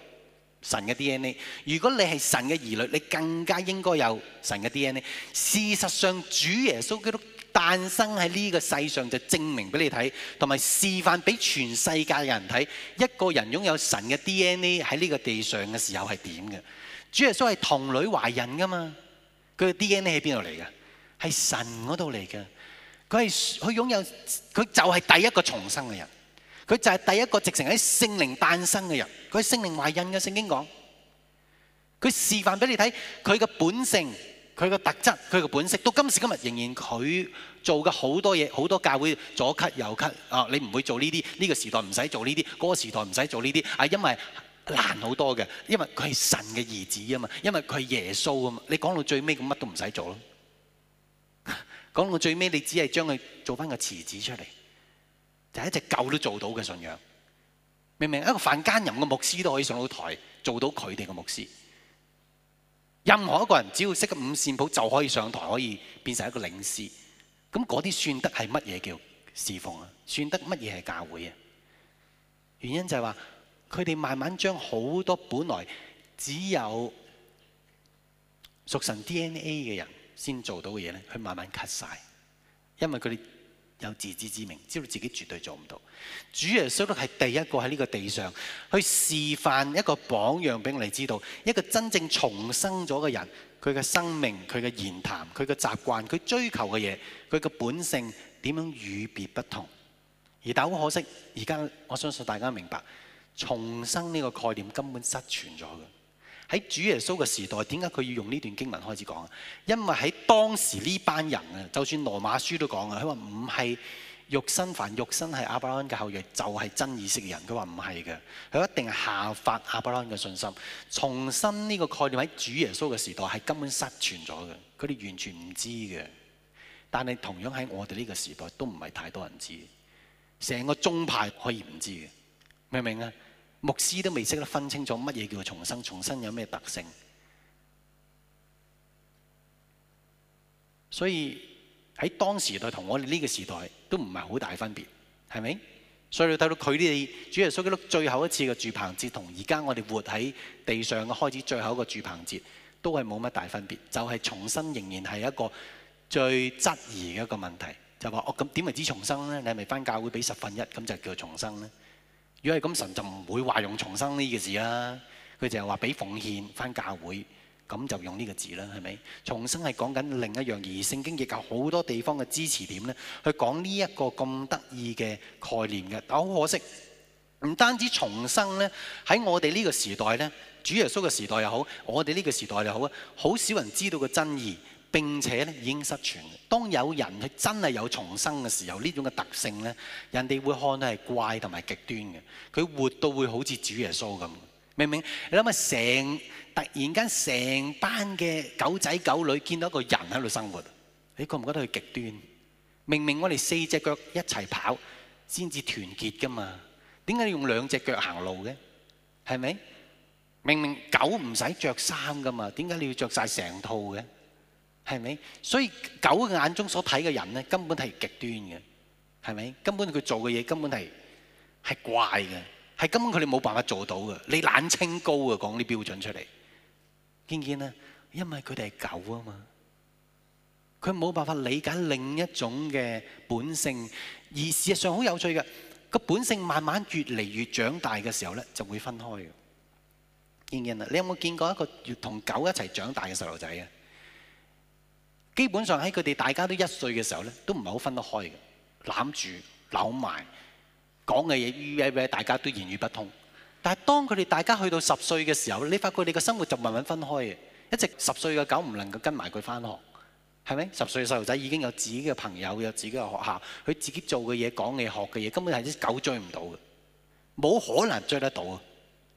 神嘅 D N A；如果你係神嘅兒女，你更加應該有神嘅 D N A。事實上，主耶穌基督誕生喺呢個世上，就證明俾你睇，同埋示範俾全世界嘅人睇，一個人擁有神嘅 D N A 喺呢個地上嘅時候係點嘅。。主耶穌係童女懷孕噶嘛？佢嘅難好多嘅，因為佢係神嘅兒子啊嘛，因為佢係耶穌啊嘛。你講到最尾，咁乜都唔使做咯。講到最尾，你只係將佢做翻個池子出嚟，就係一隻狗都做到嘅信仰，明唔明？一個犯奸淫嘅牧師都可以上到台，做到佢哋嘅牧師。任何一個人只要識得五線譜，就可以上台，可以變成一個領詩。咁嗰啲算得係乜嘢叫侍奉啊？算得乜嘢係教會啊？原因就係話。佢哋慢慢將好多本來只有屬神 D N A 嘅人先做到嘅嘢咧，佢慢慢 cut 晒，因為佢哋有自知之明，知道自己絕對做唔到。主耶穌都係第一個喺呢個地上去示範一個榜樣，俾你嚟知道一個真正重生咗嘅人佢嘅生命、佢嘅言談、佢嘅習慣、佢追求嘅嘢、佢嘅本性點樣與別不同。而但好可惜，而家我相信大家明白。重生呢個概念根本失傳咗嘅，喺主耶穌嘅時代，點解佢要用呢段經文開始講啊？因為喺當時呢班人啊，就算羅馬書都講啊，佢話唔係肉身凡肉身係亞伯拉罕嘅後裔，就係、是、真意識嘅人。佢話唔係嘅，佢一定係效法亞伯拉罕嘅信心。重生呢個概念喺主耶穌嘅時代係根本失傳咗嘅，佢哋完全唔知嘅。但係同樣喺我哋呢個時代都唔係太多人知，成個宗派可以唔知嘅。明唔明啊？牧師都未識得分清楚乜嘢叫重生，重生有咩特性？所以喺當時代同我哋呢個時代都唔係好大分別，係咪？所以你睇到佢哋主耶穌基督最後一次嘅住棚節，同而家我哋活喺地上嘅開始最後一個住棚節，都係冇乜大分別，就係重生仍然係一個最質疑嘅一個問題，就話哦，咁點為止重生咧？你係咪翻教會俾十分一咁就叫重生咧？如果係咁，神就唔會話用重生呢個字啦。佢就係話俾奉獻翻教會，咁就用呢個字啦，係咪？重生係講緊另一樣，而聖經亦教好多地方嘅支持點咧，去講呢一個咁得意嘅概念嘅。但好可惜，唔單止重生咧，喺我哋呢個時代咧，主耶穌嘅時代又好，我哋呢個時代又好啊，好少人知道個真義。並且咧，已經失傳。當有人，佢真係有重生嘅時候，呢種嘅特性咧，人哋會睇到係怪同埋極端嘅。佢活到會好似主耶穌咁，明明，你諗下，成突然間成班嘅狗仔狗女見到一個人喺度生活，你覺唔覺得佢極端？明明我哋四隻腳一齊跑先至團結噶嘛，點解用兩隻腳行路嘅？係咪？明明狗唔使著衫噶嘛，點解你要著曬成套嘅？係咪？所以狗嘅眼中所睇嘅人咧，根本係極端嘅，係咪？根本佢做嘅嘢根本係係怪嘅，係根本佢哋冇辦法做到嘅。你冷清高啊，講啲標準出嚟，見見咧，因為佢哋係狗啊嘛，佢冇辦法理解另一種嘅本性。而事實上好有趣嘅，個本性慢慢越嚟越長大嘅時候咧，就會分開嘅。見見啊，你有冇見過一個同狗一齊長大嘅細路仔啊？基本上喺佢哋大家都一歲嘅時候咧，都唔係好分得開嘅，攬住扭埋講嘅嘢，大家都言語不通。但係當佢哋大家去到十歲嘅時候，你發覺你嘅生活就慢慢分開嘅。一直十歲嘅狗唔能夠跟埋佢翻學，係咪？十歲嘅細路仔已經有自己嘅朋友，有自己嘅學校，佢自己做嘅嘢、講嘅學嘅嘢，根本係啲狗追唔到嘅，冇可能追得到啊！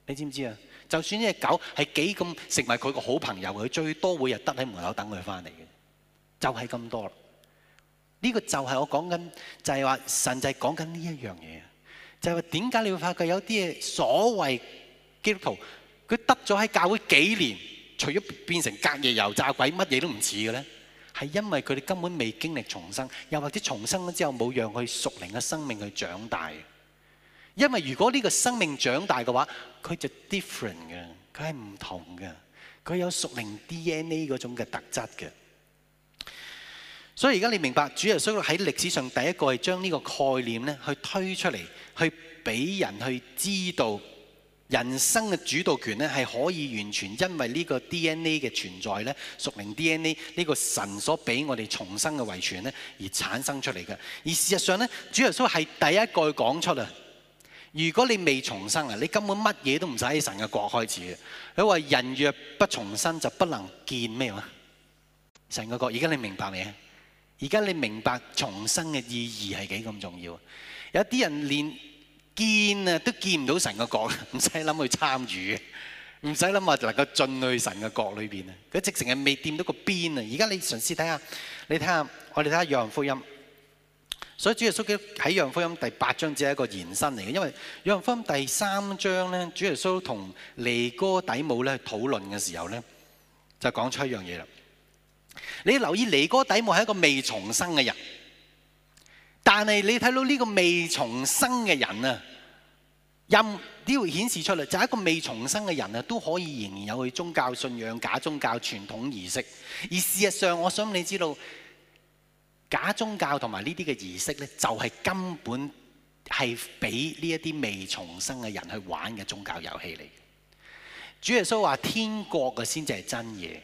你知唔知啊？就算呢隻狗係幾咁成為佢個好朋友，佢最多每日得喺門口等佢翻嚟嘅。就係咁多啦。呢個就係我講緊，就係話神就係講緊呢一樣嘢。就係話點解你會發覺有啲嘢所謂基督徒佢得咗喺教會幾年，除咗變成隔夜油炸鬼，乜嘢都唔似嘅呢？係因為佢哋根本未經歷重生，又或者重生咗之後冇讓佢屬靈嘅生命去長大。因為如果呢個生命長大嘅話，佢就 different 嘅，佢係唔同嘅，佢有屬靈 DNA 嗰種嘅特質嘅。所以而家你明白，主耶穌喺歷史上第一個係將呢個概念咧，去推出嚟，去俾人去知道，人生嘅主導權咧係可以完全因為呢個 DNA 嘅存在咧，屬靈 DNA 呢個神所俾我哋重生嘅遺傳咧而產生出嚟嘅。而事實上咧，主耶穌係第一個講出啊！如果你未重生啊，你根本乜嘢都唔使喺神嘅國開始。佢話：說人若不重生，就不能見咩嘛？神嘅國。而家你明白未？而家你明白重生嘅意義係幾咁重要？有啲人連見啊都見唔到神嘅國，唔使諗去參與，唔使諗話能夠進去神嘅國裏邊啊！佢直情係未掂到個邊啊！而家你嘗試睇下，你睇下我哋睇下《約翰福音》，所以主耶穌喺《約翰福音》第八章只係一個延伸嚟嘅，因為《約翰福音》第三章咧，主耶穌同尼哥底母咧去討論嘅時候咧，就講出一樣嘢啦。你留意尼哥底母係一個未重生嘅人，但係你睇到呢個未重生嘅人啊，任呢度顯示出嚟就係一個未重生嘅人啊，都可以仍然有去宗教信仰、假宗教、傳統儀式。而事實上，我想你知道假宗教同埋呢啲嘅儀式咧，就係根本係俾呢一啲未重生嘅人去玩嘅宗教遊戲嚟。主耶穌話：天國嘅先至係真嘢。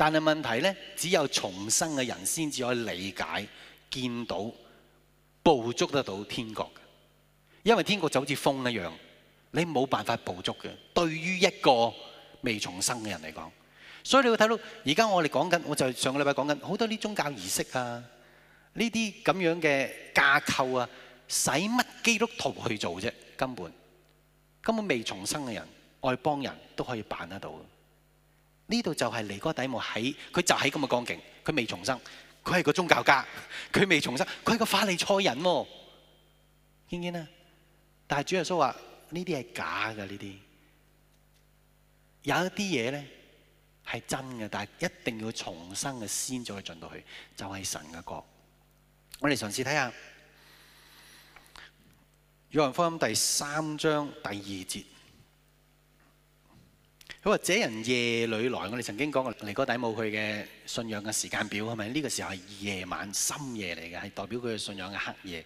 但係問題呢，只有重生嘅人先至可以理解、見到、捕捉得到天國。因為天國就好似風一樣，你冇辦法捕捉嘅。對於一個未重生嘅人嚟講，所以你會睇到而家我哋講緊，我就上個禮拜講緊好多啲宗教儀式啊，呢啲咁樣嘅架構啊，使乜基督徒去做啫？根本根本未重生嘅人，外邦人都可以辦得到。呢度就係尼哥底母喺，佢就喺咁嘅光景，佢未重生，佢係個宗教家，佢未重生，佢係個法利賽人喎，見唔見啊？但係主耶穌話：呢啲係假嘅，呢啲有一啲嘢咧係真嘅，但係一定要重生嘅先再去進到去，就係神嘅國。我哋嘗試睇下《約翰福音》第三章第二節。佢話：這人夜裏來，我哋曾經講過尼哥底母佢嘅信仰嘅時間表係咪？呢、這個時候係夜晚深夜嚟嘅，係代表佢嘅信仰嘅黑夜。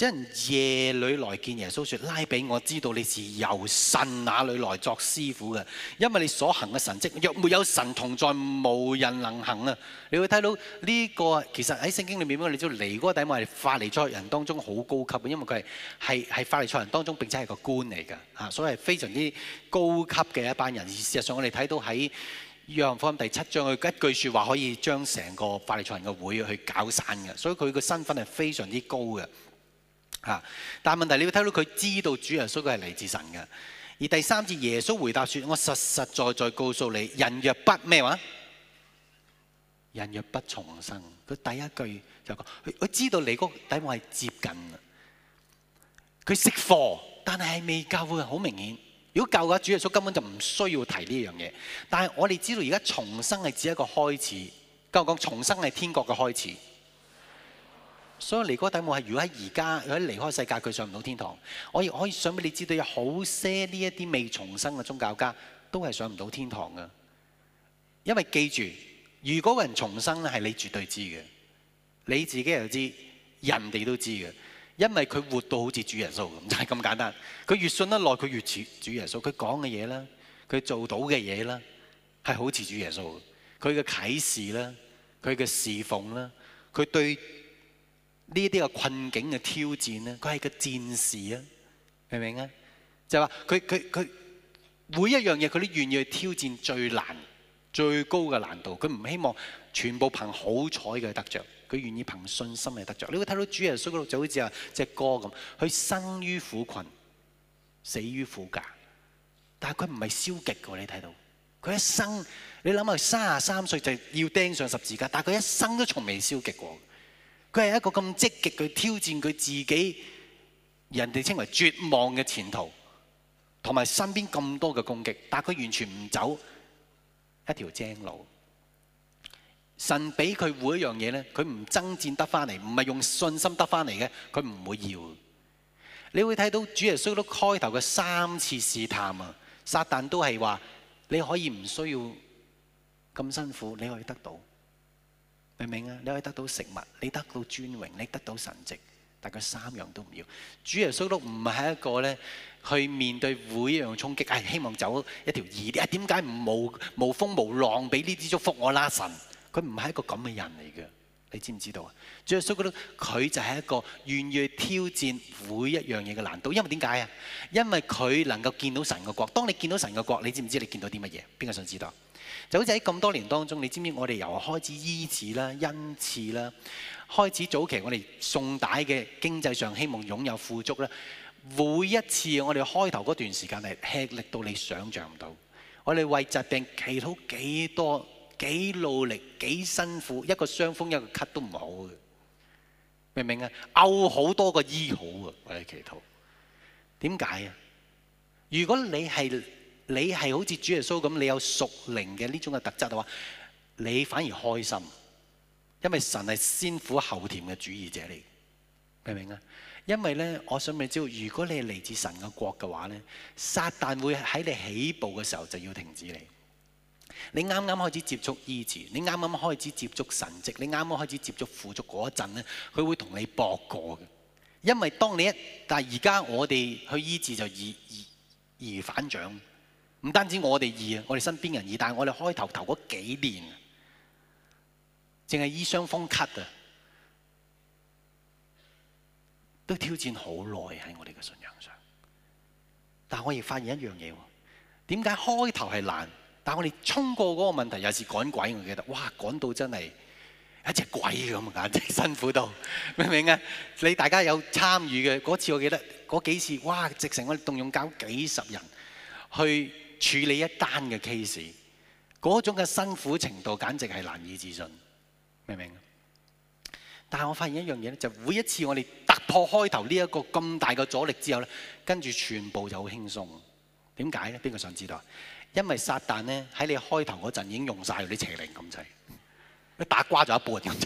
啲人夜裏來見耶穌，說：拉比，我知道你是由神那裏來作師傅嘅，因為你所行嘅神蹟，若沒有神同在無人能行啊！你會睇到呢個其實喺聖經裏面，你知道尼哥底母係法利賽人當中好高級嘅，因為佢係係係法利賽人當中並且係個官嚟嘅嚇，所以係非常之高級嘅一班人。而事實上，我哋睇到喺約翰福音第七章，佢一句説話可以將成個法利賽人嘅會去搞散嘅，所以佢個身份係非常之高嘅。但係問題是，你要睇到佢知道主耶穌佢係嚟自神嘅。而第三次耶穌回答說：我實實在在告訴你，人若不咩話，人若不重生，佢第一句就講佢，我知道你嗰底位係接近佢識貨，但係未教夠嘅，好明顯。如果夠嘅主耶穌根本就唔需要提呢樣嘢。但係我哋知道而家重生係指一個開始。咁我講重生係天國嘅開始。所以尼哥底母係，如果喺而家，如果離開世界，佢上唔到天堂。我亦可以上俾你知道，有好些呢一啲未重生嘅宗教家，都係上唔到天堂噶。因為記住，如果個人重生咧，係你絕對知嘅，你自己又知，人哋都知嘅。因為佢活到好似主耶穌咁，就係咁簡單。佢越信得耐，佢越似主耶穌。佢講嘅嘢啦，佢做到嘅嘢啦，係好似主耶穌。佢嘅啟示啦，佢嘅侍奉啦，佢對。呢啲嘅困境嘅挑戰咧，佢係個戰士啊，明唔明啊？就係話佢佢佢每一樣嘢，佢都願意去挑戰最難、最高嘅難度。佢唔希望全部憑好彩嘅得着，佢願意憑信心嚟得着。你會睇到主耶穌嗰度就好似啊隻歌咁，佢生於苦困，死於苦架，但係佢唔係消極嘅。你睇到佢一生，你諗下三十三歲就要釘上十字架，但係佢一生都從未消極過。佢係一個咁積極的去挑戰佢自己，人哋稱為絕望嘅前途，同埋身邊咁多嘅攻擊，但係佢完全唔走一條正路。神俾佢每一樣嘢呢，佢唔爭戰得翻嚟，唔係用信心得翻嚟嘅，佢唔會要。你會睇到主耶穌都開頭嘅三次試探啊，撒旦都係話：你可以唔需要咁辛苦，你可以得到。明唔明啊？你可以得到食物，你得到尊榮，你得到神蹟，但佢三樣都唔要。主耶穌都唔係一個咧，去面對每一樣衝擊，係希望走一條易啲。點解無無風無浪俾呢啲祝福我啦？神佢唔係一個咁嘅人嚟嘅，你知唔知道啊？主耶穌覺得佢就係一個願意去挑戰每一樣嘢嘅難度，因為點解啊？因為佢能夠見到神嘅國。當你見到神嘅國，你知唔知你見到啲乜嘢？邊個想知道？就好似喺咁多年當中，你知唔知道我哋由開始醫治啦、恩賜啦，開始早期我哋送帶嘅經濟上希望擁有富足啦。每一次我哋開頭嗰段時間係吃力到你想象唔到，我哋為疾病祈禱幾多，多、幾努力、幾辛苦，一個傷風一個咳都唔好嘅，明唔明啊？拗好多個醫好啊！為祈禱，點解啊？如果你係你係好似主耶穌咁，你有屬靈嘅呢種嘅特質嘅話，你反而開心，因為神係先苦後甜嘅主義者嚟，明唔明啊？因為呢，我想畀你知道，如果你係嚟自神嘅國嘅話呢，撒旦會喺你起步嘅時候就要停止你。你啱啱開始接觸醫治，你啱啱開始接觸神跡，你啱啱開始接觸富足嗰陣呢，佢會同你搏過嘅。因為當你一旦而家我哋去醫治就易易易如反掌。唔單止我哋易，啊，我哋身邊人易，但我哋開頭頭嗰幾年，淨係醫傷風咳啊，都挑戰好耐喺我哋嘅信仰上。但我亦發現一樣嘢，點解開頭係難？但我哋衝過嗰個問題，有時趕鬼。我記得，哇，趕到真係一隻鬼咁，真係辛苦到，明唔明啊？你大家有參與嘅嗰次，我記得嗰幾次，哇，直成我哋動用搞幾十人去。處理一單嘅 case，嗰種嘅辛苦程度簡直係難以置信，明唔明？但係我發現一樣嘢咧，就每一次我哋突破開頭呢一個咁大嘅阻力之後咧，跟住全部就好輕鬆。點解咧？邊個想知道？因為撒旦咧喺你開頭嗰陣已經用晒嗰啲邪靈咁滯，你打瓜咗一半咁。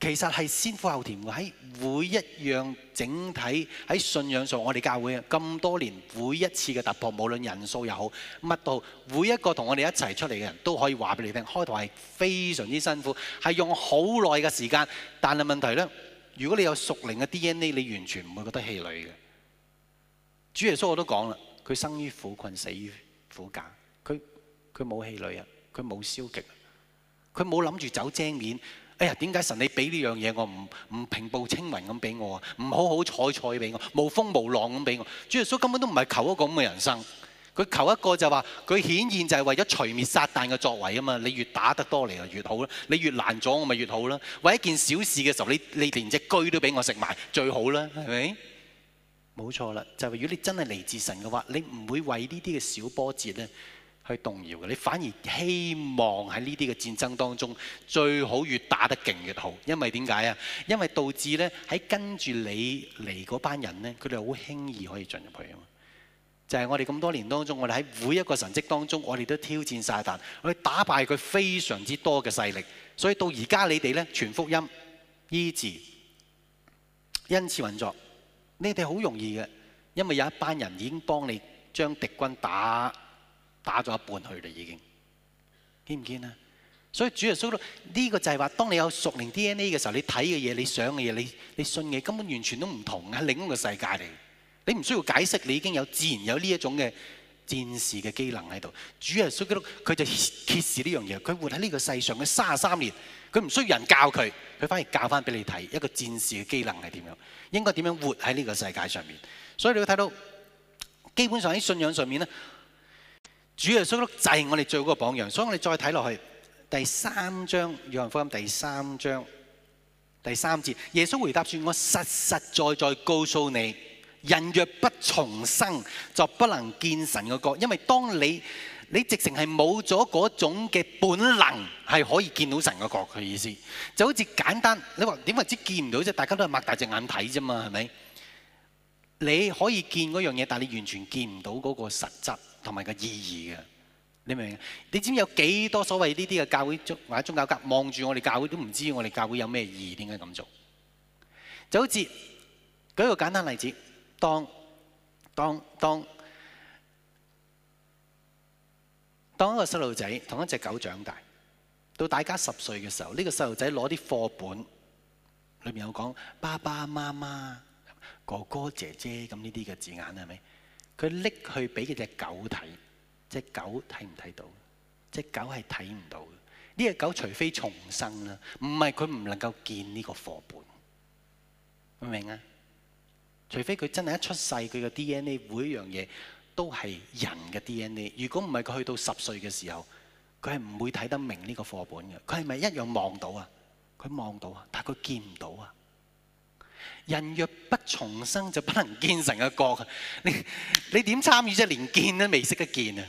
其實係先苦後甜嘅，喺每一樣整體喺信仰上，我哋教會咁多年，每一次嘅突破，無論人數又好，乜都好，每一個同我哋一齊出嚟嘅人都可以話俾你聽，開頭係非常之辛苦，係用好耐嘅時間。但係問題呢，如果你有熟靈嘅 DNA，你完全唔會覺得氣餒嘅。主耶穌我都講啦，佢生於苦困，死於苦架，佢佢冇氣餒啊，佢冇消極，佢冇諗住走正面。哎呀，點解神你俾呢樣嘢我唔唔平步青雲咁俾我啊？唔好好彩彩俾我，無風無浪咁俾我。主耶穌根本都唔係求一個咁嘅人生，佢求一個就話佢顯現就係為咗除滅撒旦嘅作為啊嘛！你越打得多嚟啊越好啦，你越難阻我咪越好啦。為一件小事嘅時候，你你連隻車都俾我食埋最好啦，係咪？冇錯啦，就係如果你真係嚟自神嘅話，你唔會為呢啲嘅小波折咧。去動搖嘅，你反而希望喺呢啲嘅戰爭當中，最好越打得勁越好，因為點解啊？因為導致呢，喺跟住你嚟嗰班人呢，佢哋好輕易可以進入去吖嘛。就係、是、我哋咁多年當中，我哋喺每一個神蹟當中，我哋都挑戰晒，但去打敗佢非常之多嘅勢力，所以到而家你哋呢，全福音、醫治、恩賜運作，你哋好容易嘅，因為有一班人已經幫你將敵軍打。打咗一半去啦，已經見唔見啊？所以主耶穌呢、這個就係話，當你有屬靈 DNA 嘅時候，你睇嘅嘢，你想嘅嘢，你你信嘅根本完全都唔同，喺另一個世界嚟。你唔需要解釋，你已經有自然有呢一種嘅戰士嘅機能喺度。主耶穌基督佢就揭示呢樣嘢，佢活喺呢個世上嘅三十三年，佢唔需要人教佢，佢反而教翻俾你睇一個戰士嘅機能係點樣，應該點樣活喺呢個世界上面。所以你要睇到，基本上喺信仰上面咧。主耶穌就係我哋最好嘅榜樣，所以我哋再睇落去，第三章，約翰福音第三章，第三節，耶穌回答說，我實實在在告訴你，人若不重生，就不能見神嘅國。因為當你，你直情係冇咗嗰種嘅本能，係可以見到神嘅國。佢意思，就好似簡單，你話，點為之見唔到啫？大家都係擘大隻眼睇啫嘛，係咪？你可以見嗰樣嘢，但你完全見唔到嗰個實質，同埋個意義嘅，你明唔明？你知唔知有幾多所謂呢啲嘅教會中或者宗教格，望住我哋教會都唔知我哋教會有咩意義？點解咁做？就好似舉一個簡單例子，當當當當一個細路仔同一隻狗長大，到大家十歲嘅時候，呢個細路仔攞啲課本，裏面有講爸爸媽媽、哥哥姐姐咁呢啲嘅字眼係咪？是佢拎去俾隻狗睇，隻狗睇唔睇到？隻狗係睇唔到嘅。呢隻狗除非重生啦，唔係佢唔能夠見呢個課本，明唔明啊？除非佢真係一出世，佢嘅 DNA 每一樣嘢都係人嘅 DNA。如果唔係佢去到十歲嘅時候，佢係唔會睇得明呢個課本嘅。佢係咪一樣望到啊？佢望到啊，但係佢見唔到啊？人若不重生，就不能見神嘅國。你你點參與啫？連見都未識得見啊！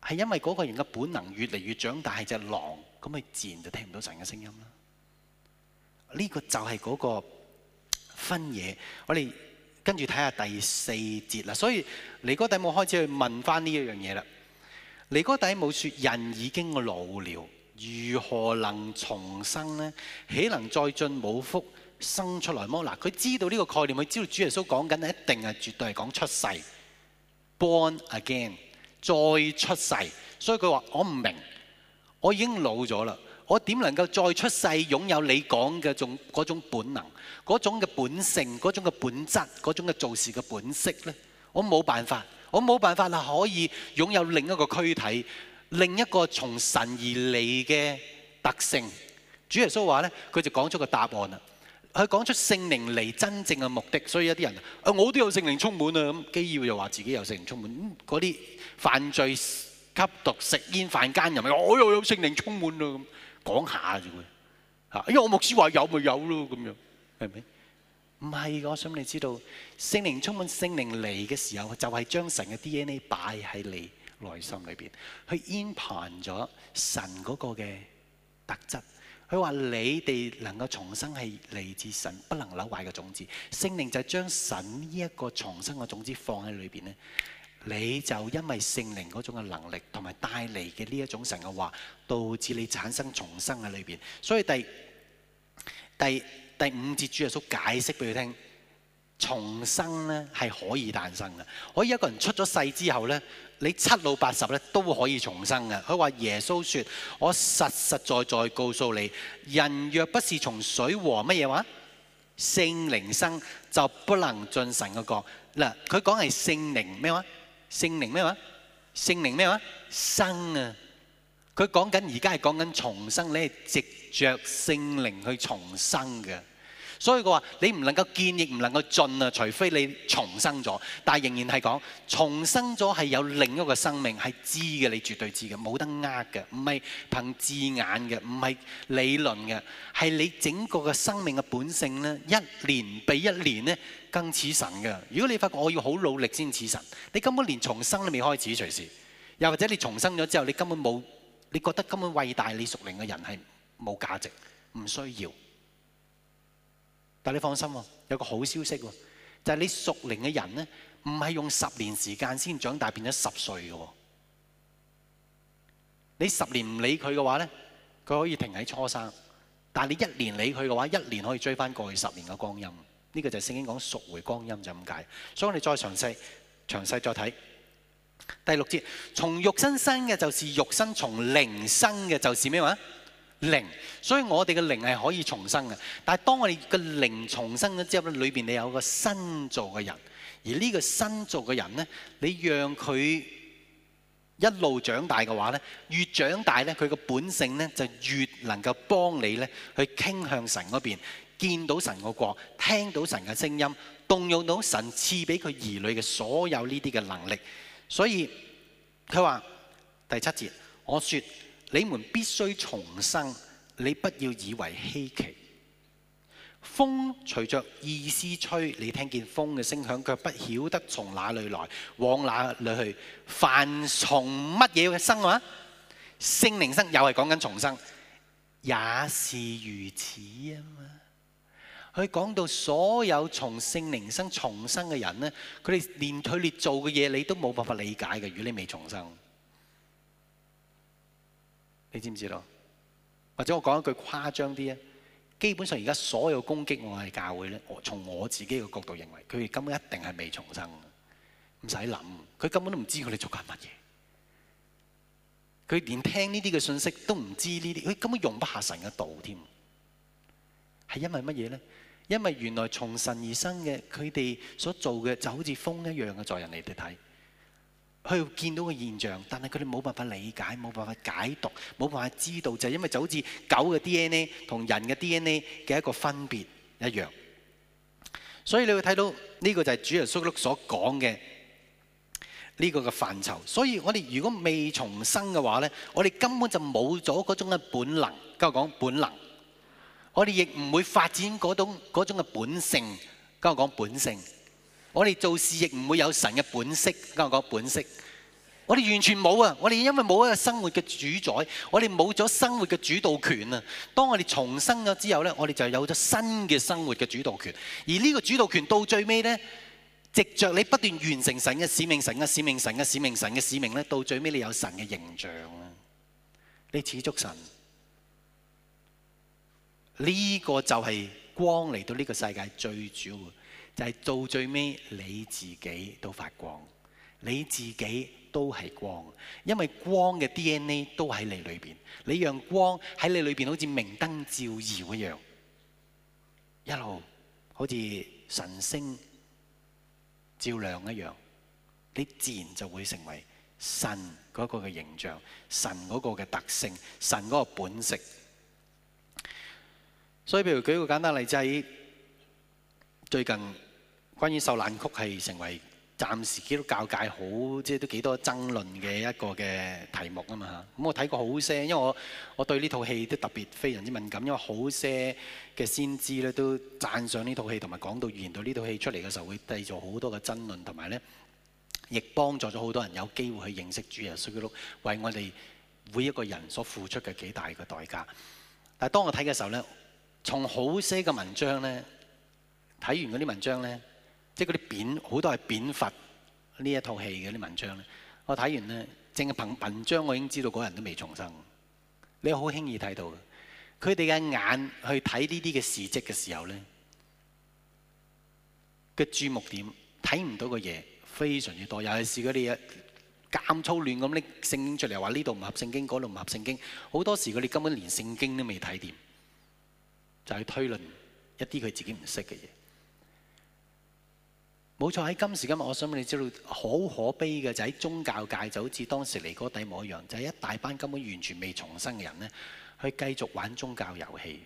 係因為嗰個人嘅本能越嚟越長大，係隻狼，咁咪自然就聽唔到神嘅聲音啦。呢個就係嗰個分野。我哋跟住睇下第四節啦。所以尼哥底母開始去問翻呢一樣嘢啦。尼哥底母說：人已經老了，如何能重生呢？豈能再進母腹，生出來麼？嗱，佢知道呢個概念，佢知道主耶穌講緊一定係絕對係講出世，born again。再出世，所以佢話：我唔明，我已經老咗啦，我點能夠再出世擁有你講嘅仲嗰種本能、嗰種嘅本性、嗰種嘅本質、嗰種嘅做事嘅本色呢？我冇辦法，我冇辦法啦，可以擁有另一個軀體、另一個從神而嚟嘅特性。主耶穌話呢，佢就講出個答案啦。佢講出聖靈嚟真正嘅目的，所以有啲人啊，我都有聖靈充滿啊咁，基要又話自己有聖靈充滿，嗰啲犯罪、吸毒、食煙、犯奸淫，我又有聖靈充滿啊咁講下啫喎嚇，因為我牧師話有咪有咯咁樣，係咪？唔係，我想你知道聖靈充滿聖靈嚟嘅時候，就係將神嘅 DNA 擺喺你內心裏邊，去 Embed 咗神嗰個嘅特質。佢話：你哋能夠重生係嚟自神，不能朽壞嘅種子。聖靈就係將神呢一個重生嘅種子放喺裏邊咧，你就因為聖靈嗰種嘅能力同埋帶嚟嘅呢一種神嘅話，導致你產生重生喺裏邊。所以第第第五節主耶穌解釋俾佢聽，重生咧係可以誕生嘅，可以一個人出咗世之後咧。你七老八十咧都可以重生嘅。佢話耶穌説：我實實在在告訴你，人若不是從水和乜嘢話，聖靈生就不能進神嘅國。嗱，佢講係聖靈咩話？聖靈咩話？聖靈咩話？生啊！佢講緊而家係講緊重生，你係藉着聖靈去重生嘅。所以我話你唔能夠見亦唔能夠進啊，除非你重生咗。但仍然係講重生咗係有另一個生命係知嘅，你絕對知嘅，冇得呃嘅，唔係憑字眼嘅，唔係理論嘅，係你整個嘅生命嘅本性呢，一年比一年呢更似神嘅。如果你發覺我要好努力先似神，你根本連重生都未開始，隨時又或者你重生咗之後，你根本冇，你覺得根本偉大你屬靈嘅人係冇價值，唔需要。但你放心喎，有個好消息喎，就係、是、你屬靈嘅人呢，唔係用十年時間先長大變咗十歲嘅。你十年唔理佢嘅話呢，佢可以停喺初生；但係你一年理佢嘅話，一年可以追翻過去十年嘅光陰。呢、這個就係聖經講贖回光陰就咁解。所以我哋再詳細詳細再睇第六節，從肉身生嘅就是肉身，從靈生嘅就是咩話？靈，所以我哋嘅靈係可以重生嘅。但係當我哋嘅靈重生咗之後咧，裏邊你有個新造嘅人。而呢個新造嘅人呢，你讓佢一路長大嘅話呢，越長大呢，佢嘅本性呢就越能夠幫你呢去傾向神嗰邊，見到神個國，聽到神嘅聲音，動用到神賜俾佢兒女嘅所有呢啲嘅能力。所以佢話第七節，我說。你們必須重生，你不要以為稀奇。風隨着意思吹，你聽見風嘅聲響，卻不曉得從哪裏來，往哪裏去。凡從乜嘢嘅生啊？聖靈生又係講緊重生，也是如此啊嘛。佢講到所有從聖靈生重生嘅人呢，佢哋連佢哋做嘅嘢，你都冇辦法理解嘅，如果你未重生。你知唔知道？或者我講一句誇張啲咧，基本上而家所有攻擊我的教會呢，我從我自己嘅角度認為，佢哋根本一定係未重生的，唔使諗佢，根本都唔知佢哋做緊乜嘢。佢連聽呢啲嘅信息都唔知呢啲，佢根本容不下神嘅道添。係因為乜嘢呢？因為原來從神而生嘅，佢哋所做嘅就好似風一樣嘅，在人哋哋看去見到個現象，但係佢哋冇辦法理解，冇辦法解讀，冇辦法知道，就係因為就好似狗嘅 DNA 同人嘅 DNA 嘅一個分別一樣。所以你會睇到呢個就係主耶穌所講嘅呢個嘅範疇。所以我哋如果未重生嘅話咧，我哋根本就冇咗嗰種嘅本能。咁我講本能，我哋亦唔會發展嗰種嗰種嘅本性。咁我講本性。我哋做事亦唔會有神嘅本、本色，我講本色，我哋完全冇啊！我哋因為冇一個生活嘅主宰，我哋冇咗生活嘅主導權啊！當我哋重生咗之後呢，我哋就有咗新嘅生活嘅主導權。而呢個主導權到最尾呢，藉着你不斷完成神嘅使命神，神嘅使命神，神嘅使命神，神嘅使命呢，到最尾你有神嘅形象啊！你似足神，呢、呢個就係光嚟到呢個世界最主要。就係、是、到最尾，你自己都發光，你自己都係光，因為光嘅 DNA 都喺你裏邊。你讓光喺你裏邊，好似明燈照耀一樣，一路好似神星照亮一樣，你自然就會成為神嗰個嘅形象，神嗰個嘅特性，神嗰個本色。所以，譬如舉一個簡單例子，最近。關於受難曲係成為暫時基督教界好即係都幾多爭論嘅一個嘅題目啊嘛。咁我睇過好些，因為我我對呢套戲都特別非常之敏感，因為好些嘅先知咧都讚賞呢套戲，同埋講到預言到呢套戲出嚟嘅時候，會製造好多嘅爭論，同埋咧亦幫助咗好多人有機會去認識主耶穌基督，為我哋每一個人所付出嘅幾大嘅代價。但係當我睇嘅時候咧，從好些嘅文章咧睇完嗰啲文章咧。即係嗰啲扁，好多係扁佛呢一套戲嘅啲文章咧。我睇完咧，淨係憑文章，我已經知道嗰人都未重生。你好輕易睇到嘅，佢哋嘅眼去睇呢啲嘅事蹟嘅時候咧，嘅注目點睇唔到嘅嘢非常之多。尤其是佢哋啊，咁粗亂咁拎聖經出嚟話呢度唔合聖經，嗰度唔合聖經。好多時佢哋根本連聖經都未睇掂，就去、是、推論一啲佢自己唔識嘅嘢。冇錯，喺今時今日，我想畀你知道，好可悲嘅就係喺宗教界，就好似當時尼哥底母一樣，就係一大班根本完全未重生嘅人呢，去繼續玩宗教遊戲，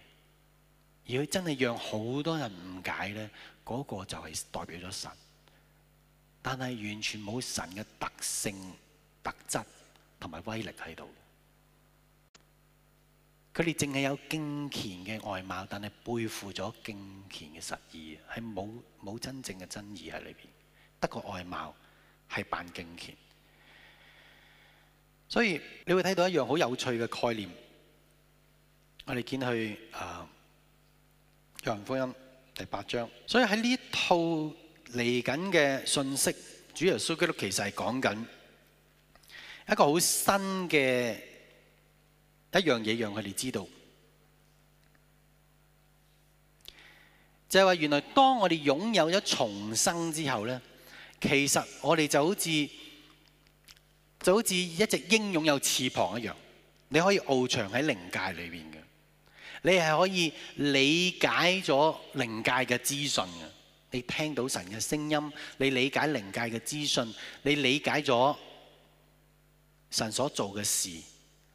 而佢真係讓好多人誤解呢，嗰個就係代表咗神，但係完全冇神嘅特性、特質同埋威力喺度。佢哋淨係有敬虔嘅外貌，但係背負咗敬虔嘅實意，係冇真正嘅真意喺裏面。得個外貌係扮敬虔。所以你會睇到一樣好有趣嘅概念，我哋見去啊約翰福音第八章。所以喺呢一套嚟緊嘅信息，主耶穌基督其實係講緊一個好新嘅，一樣嘢讓佢哋知道，就係話原來當我哋擁有咗重生之後咧，其實我哋就好似就好似一隻鷹擁有翅膀一樣，你可以翱翔喺靈界裏邊嘅，你係可以理解咗靈界嘅資訊嘅，你聽到神嘅聲音，你理解靈界嘅資訊，你理解咗神所做嘅事。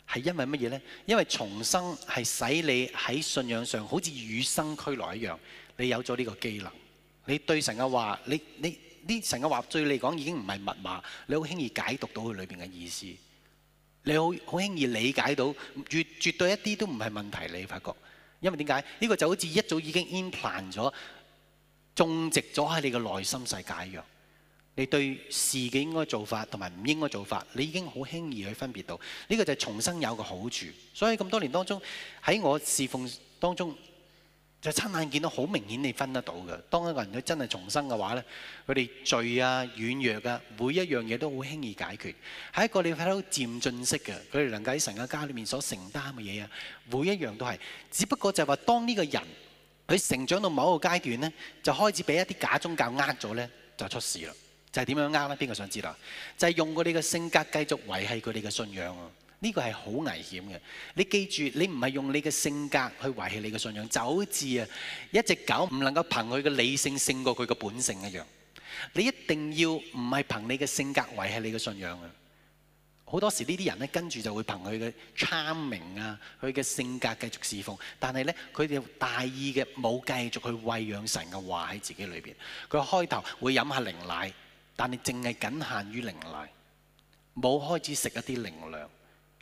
係因為乜嘢呢？因為重生係使你喺信仰上好似與生俱來一樣，你有咗呢個機能，你對神嘅話，你你啲神嘅話，對你嚟講已經唔係密碼，你好輕易解讀到佢裏邊嘅意思，你好好輕易理解到，絕絕對一啲都唔係問題。你發覺，因為點解？呢個就好似一早已經 implant 咗、種植咗喺你嘅內心世界一樣。你對事嘅應該做法同埋唔應該做法，你已經好輕易去分別到，呢個就係重生有個好處。所以咁多年當中喺我侍奉當中就親眼見到好明顯，你分得到嘅。當一個人佢真係重生嘅話呢，佢哋罪啊、軟弱啊，每一樣嘢都好輕易解決，係一個你睇到漸進式嘅。佢哋能夠喺神嘅家裏面所承擔嘅嘢啊，每一樣都係。只不過就係話，當呢個人佢成長到某一個階段呢，就開始俾一啲假宗教呃咗呢，就出事啦。就係點樣啱呢？邊個想知道？就係用佢哋嘅性格繼續維係佢哋嘅信仰啊！呢個係好危險嘅。你記住，你唔係用你嘅性格去維係你嘅信仰，就好似啊一隻狗唔能夠憑佢嘅理性勝過佢嘅本性一樣。你一定要唔係憑你嘅性格維係你嘅信仰啊！好多時呢啲人咧跟住就會憑佢嘅 charming 啊，佢嘅性格繼續侍奉，但係咧佢哋大意嘅冇繼續去餵養神嘅話喺自己裏邊。佢開頭會飲下靈奶。但你淨係僅限於靈禮，冇開始食一啲靈糧，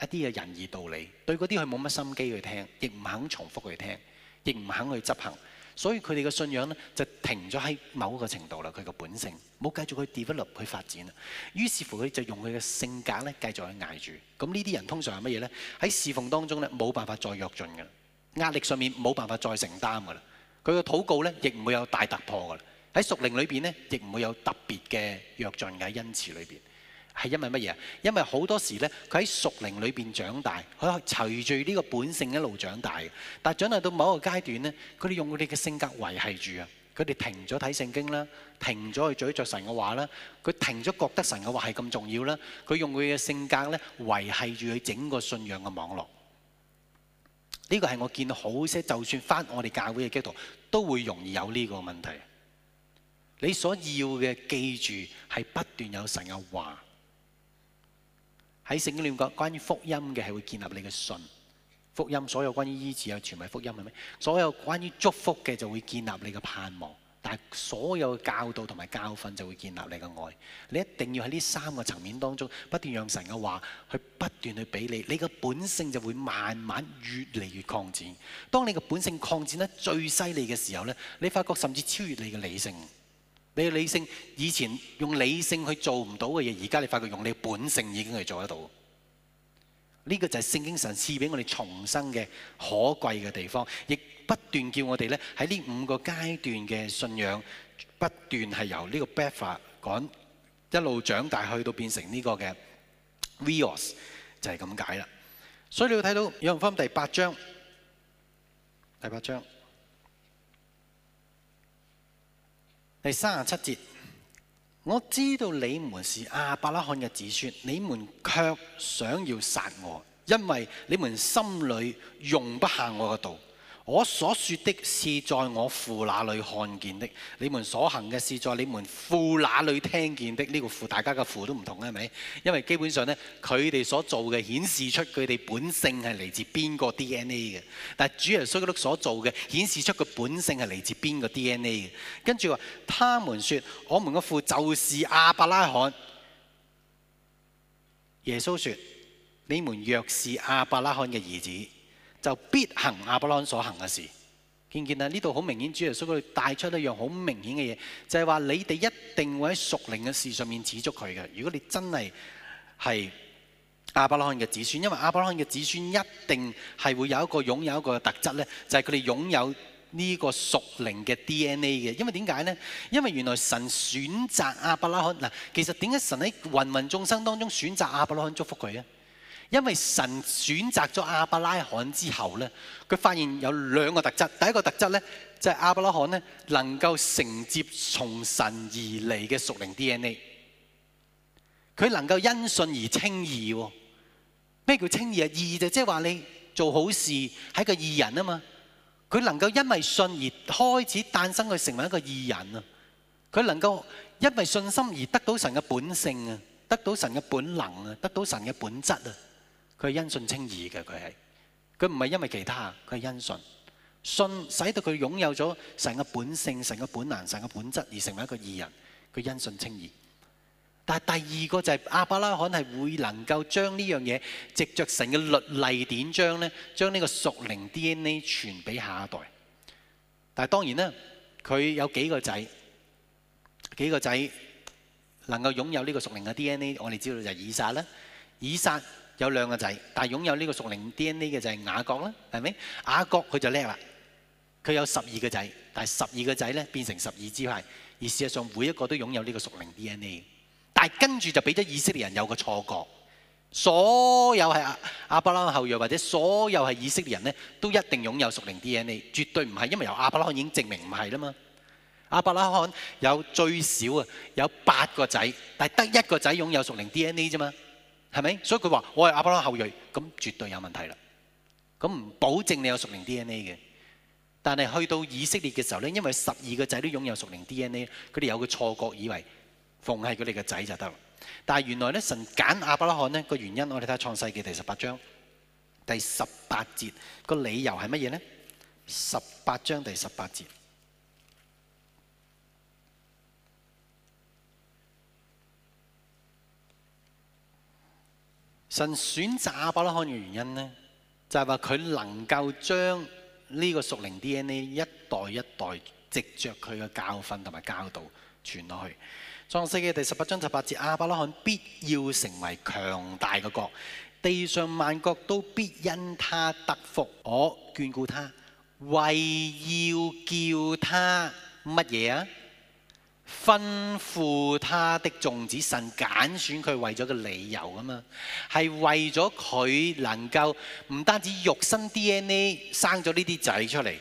一啲嘅仁義道理，對嗰啲佢冇乜心機去聽，亦唔肯重複去聽，亦唔肯去執行，所以佢哋嘅信仰呢，就停咗喺某一個程度啦。佢個本性冇繼續去 develop 去發展啊，於是乎佢就用佢嘅性格咧繼續去捱住。咁呢啲人通常係乜嘢呢？喺侍奉當中咧冇辦法再躍進㗎啦，壓力上面冇辦法再承擔㗎啦。佢嘅禱告咧亦唔會有大突破㗎啦。喺屬靈裏邊咧，亦唔會有特別嘅躍進嘅恩賜裏邊，係因為乜嘢？因為好多時咧，佢喺屬靈裏邊長大，佢隨住呢個本性一路長大嘅。但係長大到某一個階段咧，佢哋用佢哋嘅性格維繫住啊，佢哋停咗睇聖經啦，停咗去咀嚼神嘅話啦，佢停咗覺得神嘅話係咁重要啦，佢用佢嘅性格咧維繫住佢整個信仰嘅網絡。呢個係我見到好些，就算翻我哋教會嘅基督徒，都會容易有呢個問題。你所要嘅，記住係不斷有神嘅話喺聖經裏面講，關於福音嘅係會建立你嘅信。福音所有關於醫治啊，全係福音嘅咩？所有關於祝福嘅就會建立你嘅盼望。但係所有嘅教導同埋教訓就會建立你嘅愛。你一定要喺呢三個層面當中不斷讓神嘅話去不斷去俾你，你嘅本性就會慢慢越嚟越擴展。當你嘅本性擴展得最犀利嘅時候呢，你發覺甚至超越你嘅理性。你嘅理性以前用理性去做唔到嘅嘢，而家你發覺用你嘅本性已經係做得到。呢、這個就係聖經神賜俾我哋重生嘅可貴嘅地方，亦不斷叫我哋咧喺呢五個階段嘅信仰不斷係由呢個 bath 話講一路長大去到變成呢個嘅 vios 就係咁解啦。所以你會睇到約翰福音第八章，第八章。第三十七節，我知道你們是亞伯拉罕嘅子孫，你們卻想要殺我，因為你們心裏容不下我的道。我所說的是在我父那裏看見的，你們所行嘅是在你們父那裏聽見的。呢、這個父大家嘅父都唔同，係咪？因為基本上呢，佢哋所做嘅顯示出佢哋本性係嚟自邊個 DNA 嘅。但係主耶穌所做嘅顯示出佢本性係嚟自邊個 DNA 嘅。跟住話，他們說：我們嘅父就是亞伯拉罕。耶穌說：你們若是亞伯拉罕嘅兒子，就必行亞伯拉罕所行嘅事，見唔見啊？呢度好明顯，主耶穌佢帶出一樣好明顯嘅嘢，就係話你哋一定會喺屬靈嘅事上面恥祝佢嘅。如果你真係係亞伯拉罕嘅子孫，因為亞伯拉罕嘅子孫一定係會有一個擁有一個特質呢，就係佢哋擁有呢個屬靈嘅 DNA 嘅。因為點解呢？因為原來神選擇亞伯拉罕嗱，其實點解神喺芸芸眾生當中選擇亞伯拉罕祝福佢呢？因為神選擇咗亞伯拉罕之後呢，佢發現有兩個特質。第一個特質呢，就係亞伯拉罕能夠承接從神而來嘅屬靈 DNA，佢能夠因信而稱義。咩叫稱義啊？義就即係話你做好事，係一個義人啊嘛。佢能夠因為信而開始誕生，佢成為一個義人啊。佢能夠因為信心而得到神嘅本性啊，得到神嘅本能啊，得到神嘅本質啊。佢係因信稱義嘅，佢係佢唔係因為其他，佢係因信信使到佢擁有咗神嘅本性、神嘅本能、神嘅本質，而成為一個義人。佢因信稱義。但係第二個就係亞伯拉罕係會能夠將呢樣嘢藉著神嘅律例典章咧，將呢個屬靈 DNA 傳俾下一代。但係當然咧，佢有幾個仔，幾個仔能夠擁有呢個屬靈嘅 DNA，我哋知道就係以撒啦，以撒。有兩個仔，但係擁有呢個屬靈 DNA 嘅就係雅各啦，係咪？雅各佢就叻啦，佢有十二個仔，但係十二個仔咧變成十二支派，而事實上每一個都擁有呢個屬靈 DNA。但係跟住就俾咗以色列人有一個錯覺，所有係亞伯拉罕後裔或者所有係以色列人咧，都一定擁有屬靈 DNA，絕對唔係，因為由亞伯拉罕已經證明唔係啦嘛。亞伯拉罕有最少啊有八個仔，但係得一個仔擁有屬靈 DNA 咋嘛？係咪？所以佢話我係亞伯拉罕後裔，咁絕對有問題啦。咁唔保證你有屬靈 DNA 嘅。但係去到以色列嘅時候咧，因為十二個仔都擁有屬靈 DNA，佢哋有個錯覺以為奉係佢哋嘅仔就得啦。但係原來咧，神揀亞伯拉罕咧個原因，我哋睇下創世記第十八章第十八節個理由係乜嘢咧？十八章第十八節。神選擇亞伯拉罕嘅原因呢，就係話佢能夠將呢個屬靈 D N A 一代一代藉着佢嘅教訓同埋教導傳落去。創世記嘅第十八章十八節：亞伯拉罕必要成為強大嘅國，地上萬國都必因他得福。我眷顧他，為要叫他乜嘢啊？吩咐他的眾子，神揀選佢為咗個理由啊嘛，係為咗佢能夠唔單止肉身 DNA 生咗呢啲仔出嚟，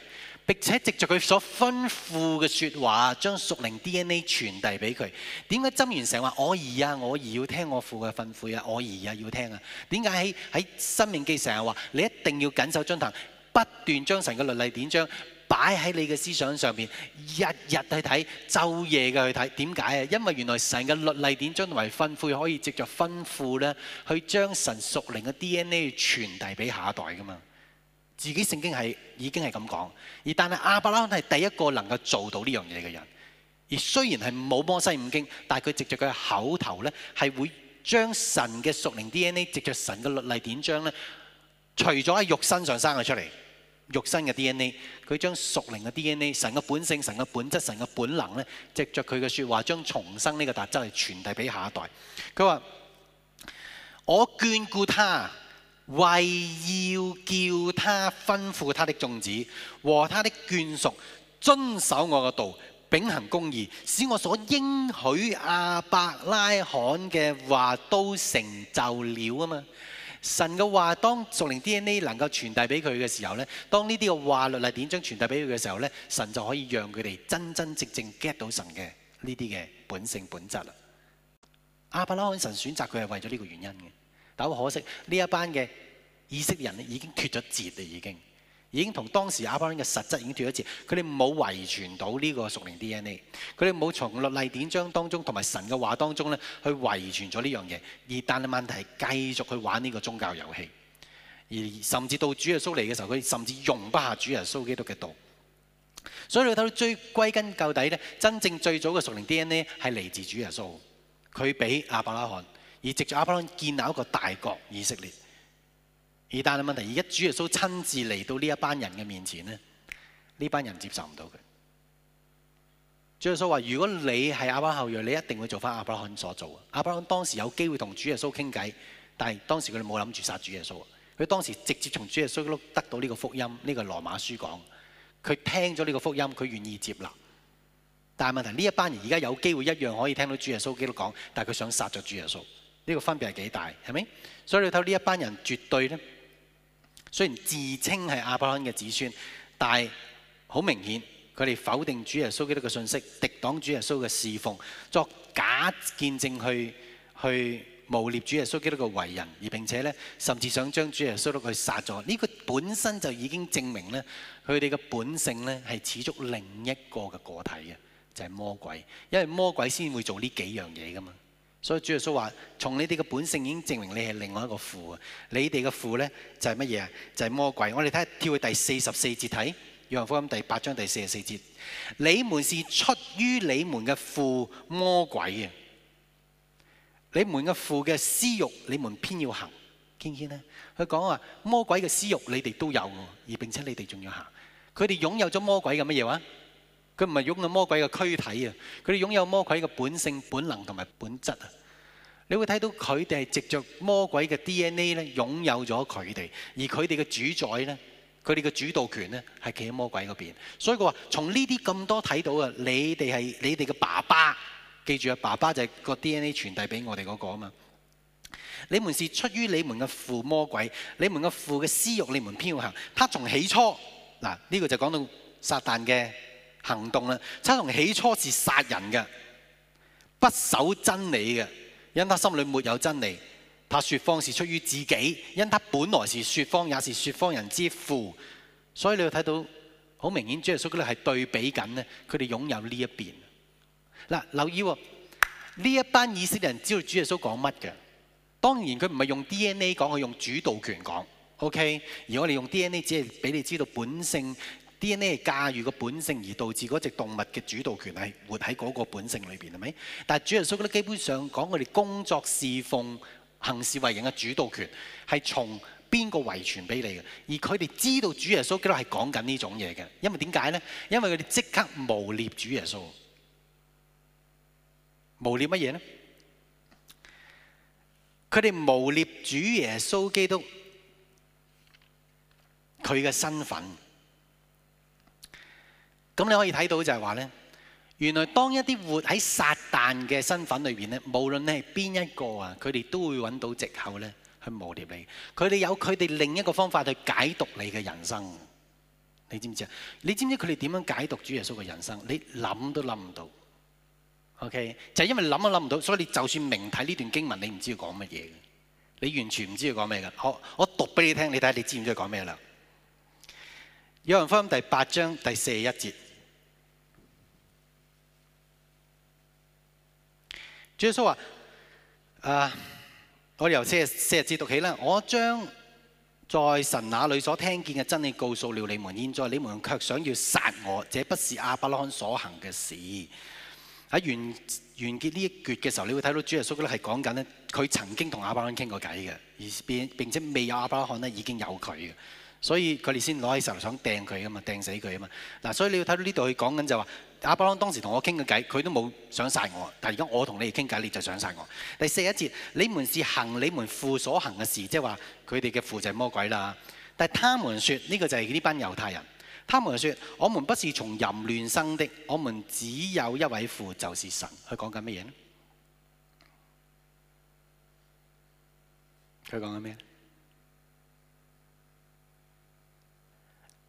並且藉着佢所吩咐嘅説話，將屬靈 DNA 傳遞俾佢。點解箴言成日話我兒啊，我兒、啊、要聽我父嘅吩咐啊，我兒啊要聽啊？點解喺喺申命記成日話你一定要謹守遵行，不斷將神嘅律例典章？擺喺你嘅思想上面，日日去睇，晝夜嘅去睇，點解啊？因為原來神嘅律例典章同埋吩咐，可以藉著吩咐咧，去將神屬靈嘅 DNA 傳遞俾下一代噶嘛。自己聖經係已經係咁講，而但係亞伯拉罕係第一個能夠做到呢樣嘢嘅人。而雖然係冇摩西五經，但係佢藉著佢嘅口頭咧，係會將神嘅屬靈 DNA 藉著神嘅律例典章咧，除咗喺肉身上生咗出嚟。肉身嘅 DNA，佢將屬靈嘅 DNA、神嘅本性、神嘅本質、神嘅本能呢，藉着佢嘅説話，將重生呢個特質嚟傳遞俾下一代。佢話：我眷顧他，為要叫他吩咐他的眾子和他的眷屬遵守我嘅道，秉行公義，使我所應許亞伯拉罕嘅話都成就了啊嘛！神嘅話，當屬靈 DNA 能夠傳遞俾佢嘅時候咧，當呢啲嘅話律例典章傳遞俾佢嘅時候咧，神就可以讓佢哋真真正正 get 到神嘅呢啲嘅本性本質啦。亞伯拉罕，神選擇佢係為咗呢個原因嘅，但好可惜呢一班嘅以色列人咧已經脱咗節啦，已經。已經同當時亞伯倫嘅實質已經脫咗節，佢哋冇遺傳到呢個屬靈 DNA，佢哋冇從律例典章當中同埋神嘅話當中咧去遺傳咗呢樣嘢，而但係問題係繼續去玩呢個宗教遊戲，而甚至到主耶穌嚟嘅時候，佢甚至容不下主耶穌基督嘅道。所以你睇到最歸根究底咧，真正最早嘅屬靈 DNA 係嚟自主耶穌，佢俾亞伯拉罕而藉住亞伯倫建立一個大國以色列。而但係問題，而家主耶穌親自嚟到呢一班人嘅面前咧，呢班人接受唔到佢。主耶穌話：如果你係亞伯拉罕後裔，你一定會做翻亞伯拉罕所做。亞伯拉罕當時有機會同主耶穌傾偈，但係當時佢哋冇諗住殺主耶穌。佢當時直接從主耶穌得到呢個福音，呢個羅馬書講。佢聽咗呢個福音，佢願意接納。但係問題呢一班人而家有機會一樣可以聽到主耶穌基督講，但係佢想殺咗主耶穌。呢個分別係幾大，係咪？所以你睇到呢一班人絕對咧。雖然自稱係亞伯拉罕嘅子孫，但係好明顯，佢哋否定主耶穌基督嘅信息，敵擋主耶穌嘅侍奉，作假見證去去誣衊主耶穌基督嘅為人，而並且甚至想將主耶穌基督去殺咗。呢、這個本身就已經證明咧，佢哋嘅本性呢係始終另一個個個體嘅，就係、是、魔鬼，因為魔鬼先會做呢幾樣嘢㗎嘛。所以主耶穌話：從你哋嘅本性已經證明你係另外一個父啊！你哋嘅父咧就係乜嘢啊？就係、是、魔鬼。我哋睇下跳去第四十四節睇《約翰福音》第八章第四十四節：你們是出於你們嘅父魔鬼嘅，你們嘅父嘅私欲，你們偏要行。聽唔聽呢，佢講話魔鬼嘅私欲，你哋都有而並且你哋仲要行。佢哋擁有咗魔鬼嘅乜嘢話？佢唔係擁有魔鬼嘅軀體啊！佢哋擁有魔鬼嘅本性、本能同埋本質啊！你會睇到佢哋係藉着魔鬼嘅 DNA 咧，擁有咗佢哋，而佢哋嘅主宰咧，佢哋嘅主導權咧，係企喺魔鬼嗰邊。所以佢話：從呢啲咁多睇到啊，你哋係你哋嘅爸爸，記住啊，爸爸就係個 DNA 傳遞俾我哋嗰、那個啊嘛！你們是出於你們嘅父魔鬼，你們嘅父嘅私欲，你們偏要行。他從起初嗱呢、這個就講到撒旦嘅。行動啦！他從起初是殺人嘅，不守真理嘅，因他心裏沒有真理。他説謊是出於自己，因他本來是説謊，也是説謊人之父。所以你睇到好明顯，主耶穌佢哋係對比緊呢，佢哋擁有呢一邊。嗱，留意呢、哦、一班以色列人知道主耶穌講乜嘅？當然佢唔係用 DNA 講，佢用主導權講。OK，而我哋用 DNA 只係俾你知道本性。DNA 係駕馭個本性而導致嗰隻動物嘅主導權係活喺嗰個本性裏邊，係咪？但係主耶穌基，基本上講佢哋工作侍奉、行事為人嘅主導權係從邊個遺傳俾你嘅？而佢哋知道主耶穌基督係講緊呢種嘢嘅，因為點解呢？因為佢哋即刻誣衊主耶穌，誣衊乜嘢呢？佢哋誣衊主耶穌基督佢嘅身份。咁你可以睇到就係話呢，原來當一啲活喺撒旦嘅身份裏面，咧，無論你係邊一個啊，佢哋都會揾到藉口呢去磨滅你。佢哋有佢哋另一個方法去解讀你嘅人生。你知唔知，你知唔知佢哋點樣解讀主耶穌嘅人生？你諗都諗唔到。OK，就係因為諗都諗唔到，所以你就算明睇呢段經文，你唔知佢講乜嘢，你完全唔知佢講咩噶。我讀俾你聽，你睇下你知唔知佢講咩啦？約翰福音第八章第四十一節。主耶穌話、啊：我哋由四日四日節讀起啦。我將在神那裏所聽見嘅真理告訴了你們。現在你們卻想要殺我，這不是亞伯拉罕所行嘅事。喺完完結呢一絕嘅時候，你會睇到主耶穌咧係講緊咧，佢曾經同亞伯拉罕傾過偈嘅，而並並且未有亞伯拉罕咧已經有佢嘅，所以佢哋先攞起石頭想掟佢噶嘛，掟死佢啊嘛。嗱，所以你要睇到呢度佢講緊就話。阿伯朗當時同我傾嘅偈，佢都冇想殺我。但係而家我同你哋傾偈，你就想殺我。第四一節，你們是行你們父所行嘅事，即係話佢哋嘅父就係魔鬼啦。但係他們說呢、這個就係呢班猶太人。他們又說：我們不是從淫亂生的，我們只有一位父，就是神。佢講緊乜嘢咧？佢講緊咩？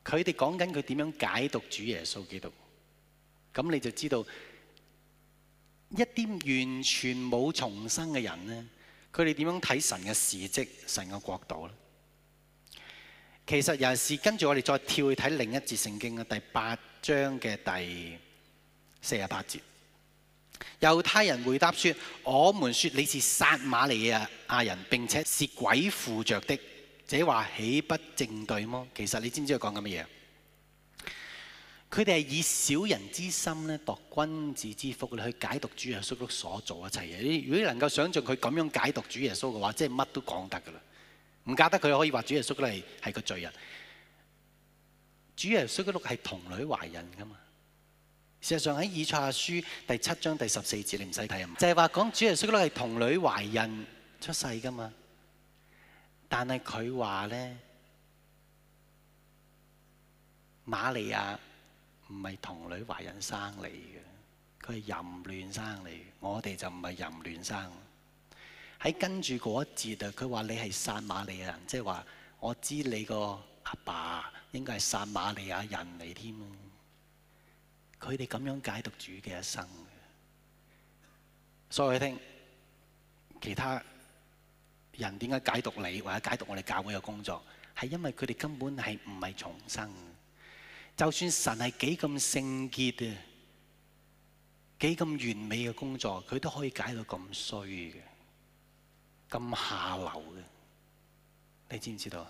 佢哋講緊佢點樣解讀主耶穌基督。咁你就知道一啲完全冇重生嘅人呢，佢哋點樣睇神嘅事蹟、神嘅國度咧？其實又是跟住我哋再跳去睇另一節聖經嘅第八章嘅第四十八節。猶太人回答說：我們說你是撒瑪利亞人，並且是鬼附着的，這話豈不正對麼？其實你知唔知佢講緊乜嘢？佢哋係以小人之心咧度君子之腹，去解讀主耶穌所做一切嘢。如果你能夠想像佢咁樣解讀主耶穌嘅話，即係乜都講得噶啦。唔怪得佢可以話主耶穌咧係個罪人。主耶穌基督係童女懷孕噶嘛？事實上喺以賽亞書第七章第十四節，你唔使睇啊，就係話講主耶穌基督係童女懷孕出世噶嘛。但係佢話咧，瑪利亞。唔係同女懷孕生嚟嘅，佢係淫亂生嚟。我哋就唔係淫亂生的。喺跟住嗰一節啊，佢話你係撒瑪利亞人，即係話我知你個阿爸應該係撒瑪利亞人嚟添。佢哋咁樣解讀主嘅一生。所以聽其他人點解解讀你，或者解讀我哋教會嘅工作，係因為佢哋根本係唔係重生的。就算神係幾咁聖潔嘅，幾咁完美嘅工作，佢都可以解到咁衰嘅，咁下流嘅。你知唔知道？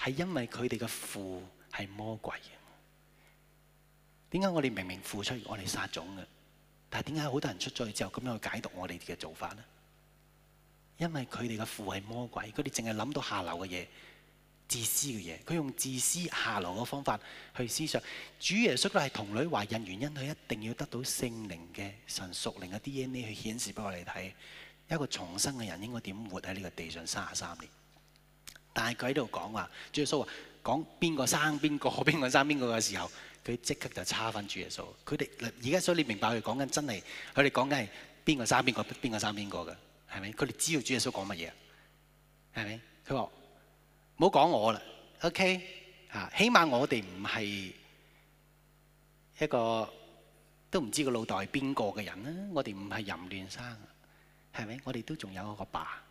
係因為佢哋嘅父係魔鬼嘅。點解我哋明明付出，我哋撒種嘅，但係點解好多人出咗去之後咁樣去解讀我哋嘅做法咧？因為佢哋嘅父係魔鬼，佢哋淨係諗到下流嘅嘢。自私嘅嘢，佢用自私下流嘅方法去思想。主耶穌都係同女懷孕原因，佢一定要得到聖靈嘅神屬靈嘅 D N A 去顯示俾我哋睇，一個重生嘅人應該點活喺呢個地上三十三年。但係佢喺度講話，主耶穌話講邊個生邊個，邊個生邊個嘅時候，佢即刻就插翻主耶穌。佢哋而家，所以你明白佢講緊真係，佢哋講緊係邊個生邊個，邊個生邊個嘅，係咪？佢哋知道主耶穌講乜嘢，係咪？佢話。唔好講我啦，OK？起碼我哋唔係一個都唔知個腦袋係邊個嘅人啦。我哋唔係淫亂生，係咪？我哋都仲有一個爸。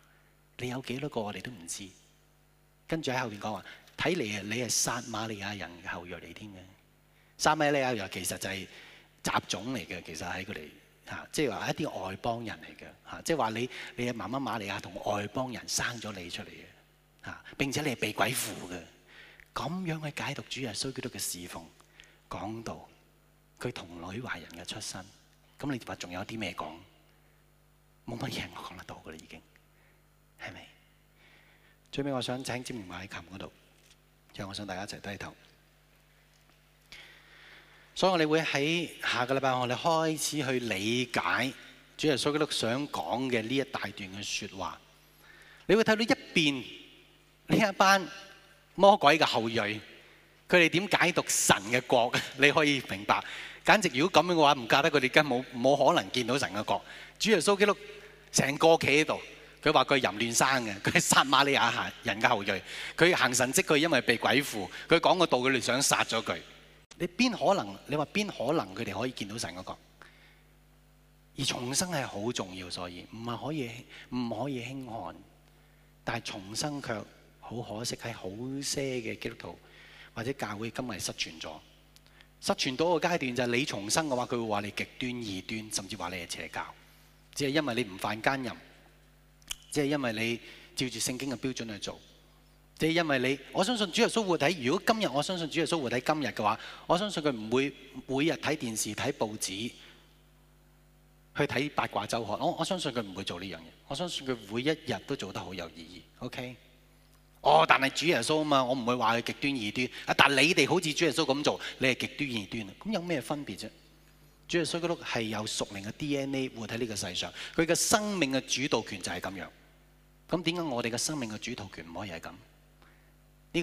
你有幾多少個我哋都唔知道。跟住喺後面講話，睇你你係撒瑪利亞人後裔嚟添嘅。撒瑪利亞人利亞其實就係雜種嚟嘅，其實係佢哋，即係話一啲外邦人嚟嘅，即係話你你係媽媽瑪利亞同外邦人生咗你出嚟嘅。啊！並且你係被鬼附嘅，咁樣去解讀，主耶穌基督嘅侍奉、講道，佢同女華人嘅出身，咁你話仲有啲咩講？冇乜嘢，我講得到噶啦，已經，係咪？最尾我想請支明馬利琴嗰度，最後我想，我想大家一齊低頭。所以我哋會喺下個禮拜，我哋開始去理解主耶穌基督想講嘅呢一大段嘅説話。你會睇到一邊。呢一班魔鬼嘅後裔，佢哋點解讀神嘅國？你可以明白，簡直如果咁樣嘅話，唔嫁得佢哋，根本冇冇可能見到神嘅國。主耶穌基督成個企喺度，佢話佢係淫亂生嘅，佢撒瑪利亞行人嘅後裔，佢行神蹟，佢因為被鬼附，佢講個道，佢哋想殺咗佢。你邊可能？你話邊可能佢哋可以見到神嘅國？而重生係好重要，所以唔係可以唔可以輕看，但係重生卻。好可惜，喺好些嘅基督徒或者教會，今日失傳咗。失傳到個階段就係你重生嘅話，佢會話你極端異端，甚至話你係邪教。只係因為你唔犯奸淫，只係因為你照住聖經嘅標準去做。只係因為你我相信主耶穌活睇。如果今日我相信主耶穌活睇今日嘅話，我相信佢唔會每日睇電視睇報紙去睇八卦周刊。我我相信佢唔會做呢樣嘢。我相信佢每一日都做得好有意義。OK。哦，但係主耶穌啊嘛，我唔會話佢極端異端。啊，但係你哋好似主耶穌咁做，你係極端異端啊！咁有咩分別啫？主耶穌基督係有屬靈嘅 DNA 活喺呢個世上，佢嘅生命嘅主導權就係咁樣。咁點解我哋嘅生命嘅主導權唔可以係咁？呢、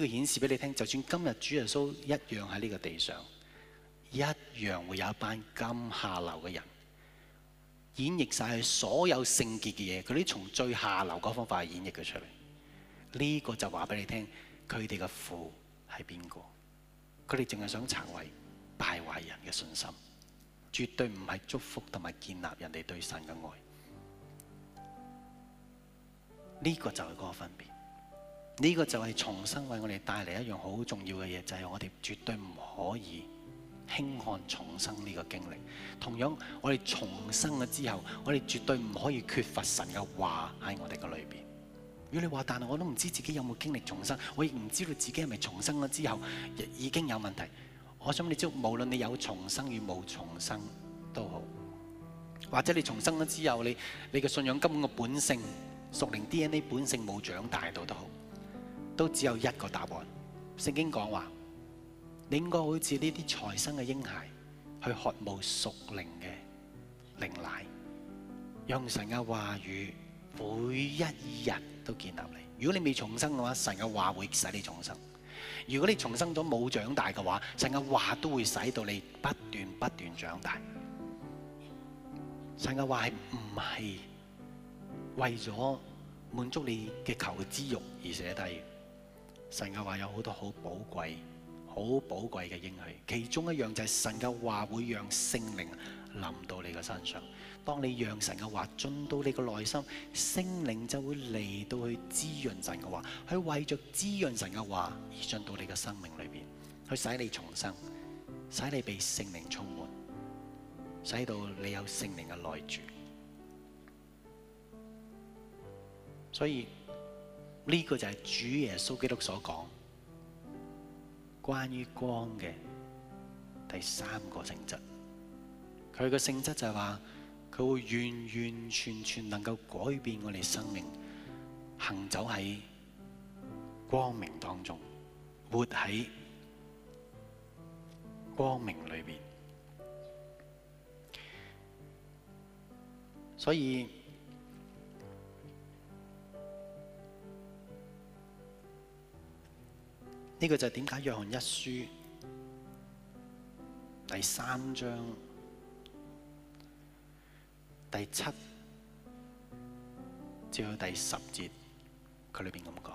這個顯示俾你聽，就算今日主耶穌一樣喺呢個地上，一樣會有一班咁下流嘅人演繹曬所有聖潔嘅嘢，佢啲從最下流嗰方法演繹佢出嚟。呢個就話俾你聽，佢哋嘅父係邊個？佢哋淨係想殘害敗壞人嘅信心，絕對唔係祝福同埋建立人哋對神嘅愛。呢個就係嗰個分別，呢個就係重生為我哋帶嚟一樣好重要嘅嘢，就係我哋絕對唔可以輕看重生呢個經歷。同樣，我哋重生咗之後，我哋絕對唔可以缺乏神嘅話喺我哋嘅裏邊。如果你話，但係我都唔知自己有冇經歷重生，我亦唔知道自己係咪重生咗之後，已經有問題。我想你知，無論你有重生與冇重生都好，或者你重生咗之後，你你嘅信仰根本個本性、屬靈 DNA 本性冇長大到都好，都只有一個答案。聖經講話，你應該好似呢啲才生嘅嬰孩，去渴慕屬靈嘅靈奶，用神嘅話語。每一日都建立你。如果你未重生嘅話，神嘅話會使你重生；如果你重生咗冇長大嘅話，神嘅話都會使到你不斷不斷長大。神嘅話係唔係為咗滿足你嘅求知欲而寫低。神嘅話有好多好寶貴、好寶貴嘅應許，其中一樣就係神嘅話會讓聖靈。淋到你個身上，當你讓神嘅話進到你個內心，聖靈就會嚟到去滋潤神嘅話，去為着滋潤神嘅話而進到你嘅生命裏邊，去使你重生，使你被聖靈充滿，使到你有聖靈嘅內住。所以呢個就係主耶穌基督所講關於光嘅第三個性質。佢嘅性質就係話，佢會完完全全能夠改變我哋生命，行走喺光明當中，活喺光明裏面。所以呢個就係點解約翰一書第三章，第七至第十節，佢裏面咁講：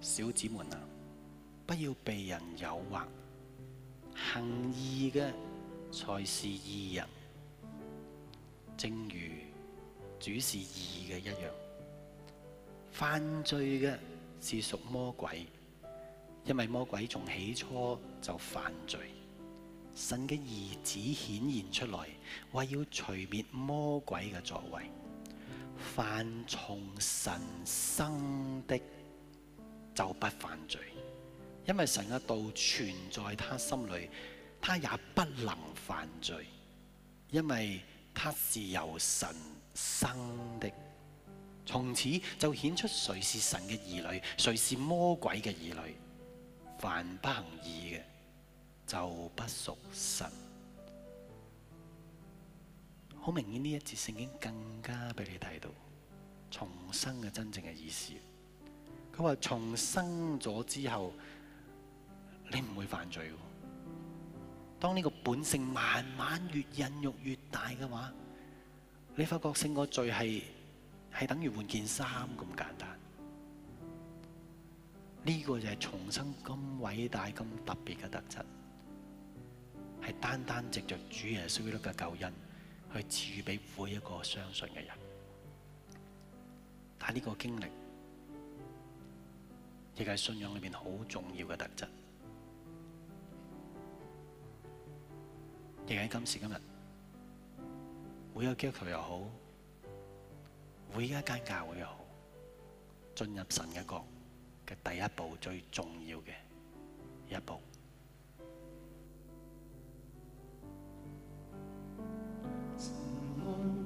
小子們啊，不要被人誘惑，行義嘅才是義人，正如主是義嘅一樣。犯罪嘅是屬魔鬼，因為魔鬼從起初就犯罪。神嘅兒子顯現出來，為要除滅魔鬼嘅作為。凡從神生的，就不犯罪，因為神嘅道存在他心裏，他也不能犯罪，因為他是由神生的。從此就顯出誰是神嘅兒女，誰是魔鬼嘅兒女。凡不行義嘅，就不屬神，好明顯呢一節聖經更加俾你睇到重生嘅真正嘅意思。佢話重生咗之後，你唔會犯罪。當呢個本性慢慢越孕育越大嘅話，你發覺勝過罪係係等於換件衫咁簡單。呢個就係重生咁偉大、咁特別嘅特質。是單單藉着主耶穌基督嘅救恩，去賜予畀每一個相信嘅人，但呢個經歷，亦係信仰裏面好重要嘅特質，亦係今時今日，每一個基督徒又好，每一間教會又好，進入神嘅國嘅第一步最重要嘅一步。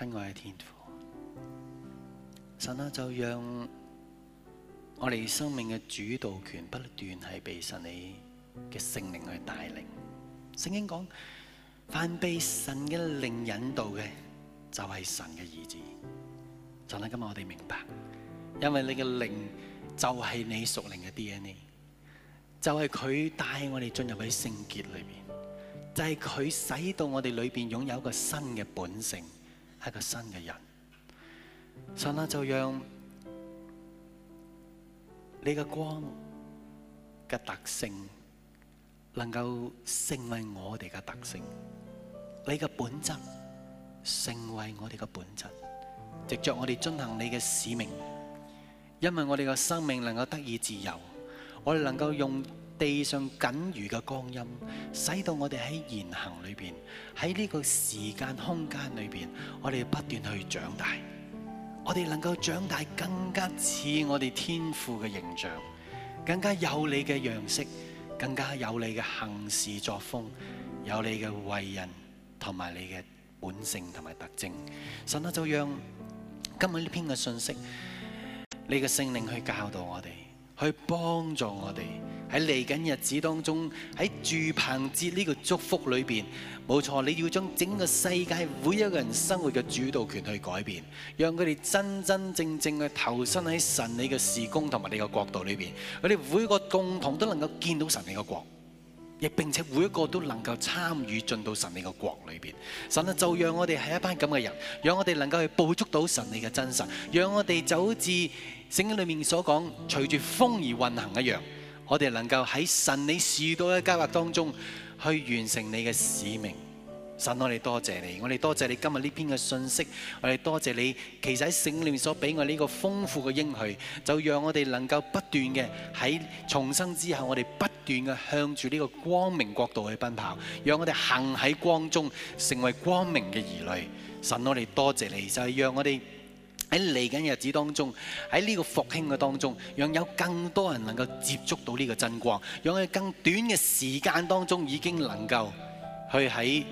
親愛嘅天父，神啦，就讓我哋生命嘅主導權不斷係被神你嘅聖靈去帶領。聖經講，凡被神嘅靈引導嘅，就係神嘅兒子。就啦，今日我哋明白，因為你嘅靈就係你屬靈嘅 D N A，就係佢帶我哋進入喺聖潔裏邊，就係、是、佢使到我哋裏邊擁有一個新嘅本性。係一個新嘅人，神啊，就讓你嘅光嘅特性，能夠成為我哋嘅特性，你嘅本質成為我哋嘅本質，藉着我哋遵行你嘅使命，因為我哋嘅生命能夠得以自由，我哋能夠用，地上僅餘嘅光陰，使到我哋喺言行裏邊，喺呢個時間空間裏邊，我哋不斷去長大。我哋能夠長大，更加似我哋天父嘅形象，更加有你嘅樣式，更加有你嘅行事作風，有你嘅為人同埋你嘅本性同埋特徵。神啊，就讓今日呢篇嘅信息，你嘅聖靈去教導我哋。去幫助我哋喺嚟緊日子當中，喺住棚節呢個祝福裏邊，冇錯，你要將整個世界每一個人生活嘅主導權去改變，讓佢哋真真正正嘅投身喺神你嘅事工同埋你嘅國度裏邊，佢哋每個共同都能夠見到神你嘅國，亦並且每一個都能夠參與進到神你嘅國裏邊。神啊，就讓我哋係一班咁嘅人，讓我哋能夠去捕捉到神你嘅真實，讓我哋走至。聖經裏面所講，隨住風而運行一樣，我哋能夠喺神你賜到嘅計劃當中，去完成你嘅使命。神我哋多謝你，我哋多謝你今日呢篇嘅信息，我哋多謝你，其實喺聖經裏面所俾我呢個豐富嘅應許，就讓我哋能夠不斷嘅喺重生之後，我哋不斷嘅向住呢個光明國度去奔跑，讓我哋行喺光中，成為光明嘅兒女。神我哋多謝你，就係讓我哋。喺嚟緊日子當中，喺呢個復興嘅當中，讓有更多人能夠接觸到呢個真光，讓佢更短嘅時間當中已經能夠去喺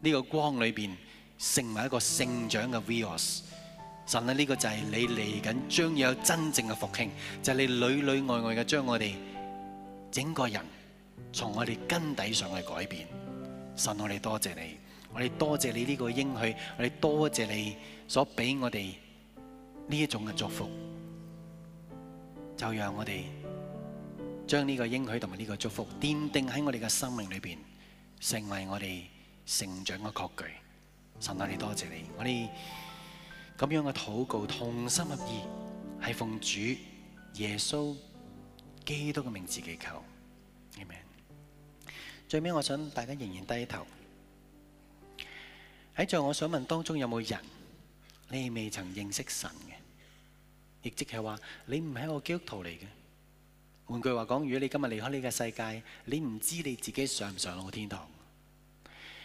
呢個光裏邊成為一個成長嘅 vios。神啊，呢、這個就係你嚟緊將有真正嘅復興，就係、是、你裏裏外外嘅將我哋整個人從我哋根底上去改變。神、啊，我哋多謝，謝你。我哋多謝你呢個應許，我哋多謝你所俾我哋呢一種嘅祝福，就讓我哋將呢個應許同埋呢個祝福奠定喺我哋嘅生命裏邊，成為我哋成長嘅確據。神啊，你多謝你，我哋咁樣嘅禱告，同心合意，係奉主耶穌基督嘅名字祈求，阿門。最尾我想大家仍然低頭。喺在我想問當中有沒有人，沒有冇人你未曾認識神嘅？亦即係話你唔係一個基督徒嚟嘅。換句話講，如果你今日離開呢個世界，你唔知道你自己上唔上到天堂。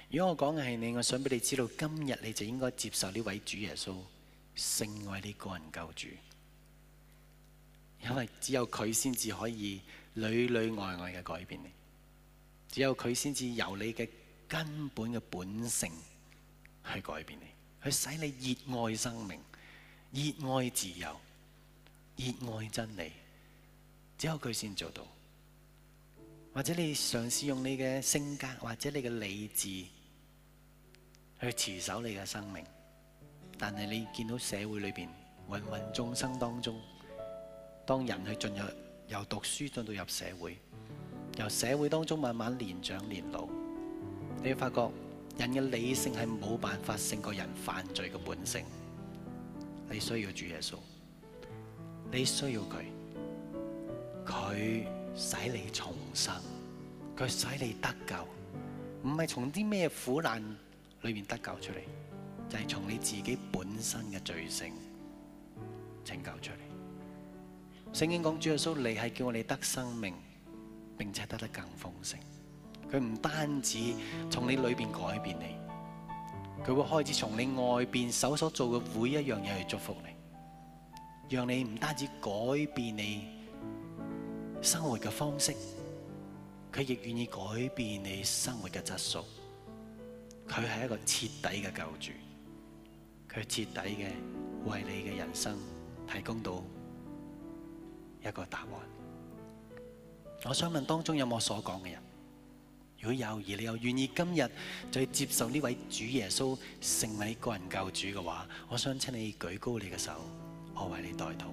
如果我講嘅係你，我想俾你知道，今日你就應該接受呢位主耶穌，成為你個人救主。因為只有佢先至可以裏裏外外嘅改變你，只有佢先至由你嘅根本嘅本性去改變你，去使你熱愛生命、熱愛自由、熱愛真理，只有佢先做到。或者你嘗試用你嘅性格，或者你嘅理智去持守你嘅生命，但係你見到社會裏邊芸芸眾生當中，當人去進入由讀書進到入社會，由社會當中慢慢年長年老，你會發覺。人嘅理性係冇辦法勝過人犯罪嘅本性，你需要主耶穌，你需要佢，佢使你重生，佢使你得救，唔係從啲咩苦難裏面得救出嚟，就係從你自己本身嘅罪性拯救出嚟。聖經講主耶穌嚟係叫我哋得生命，並且得得更豐盛。佢唔單止從你裏邊改變你，佢會開始從你外邊所做做嘅每一樣嘢去祝福你，讓你唔單止改變你生活嘅方式，佢亦願意改變你生活嘅質素。佢係一個徹底嘅救主，佢徹底嘅為你嘅人生提供到一個答案。我想問當中有冇所講嘅人。如果有，而你又願意今日就接受呢位主耶穌成為你個人救主嘅話，我想請你舉高你嘅手，我為你代禱。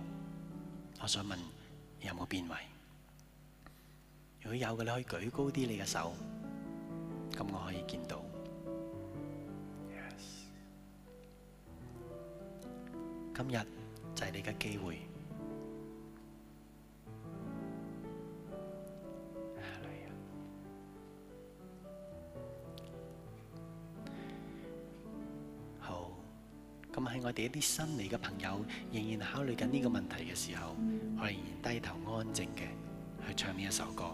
我想問有冇邊位？如果有嘅，你可以舉高啲你嘅手，咁我可以見到。Yes. 今日就係你嘅機會。咁喺我哋一啲新嚟嘅朋友仍然考慮緊呢個問題嘅時候，我仍然低頭安靜嘅去唱呢一首歌。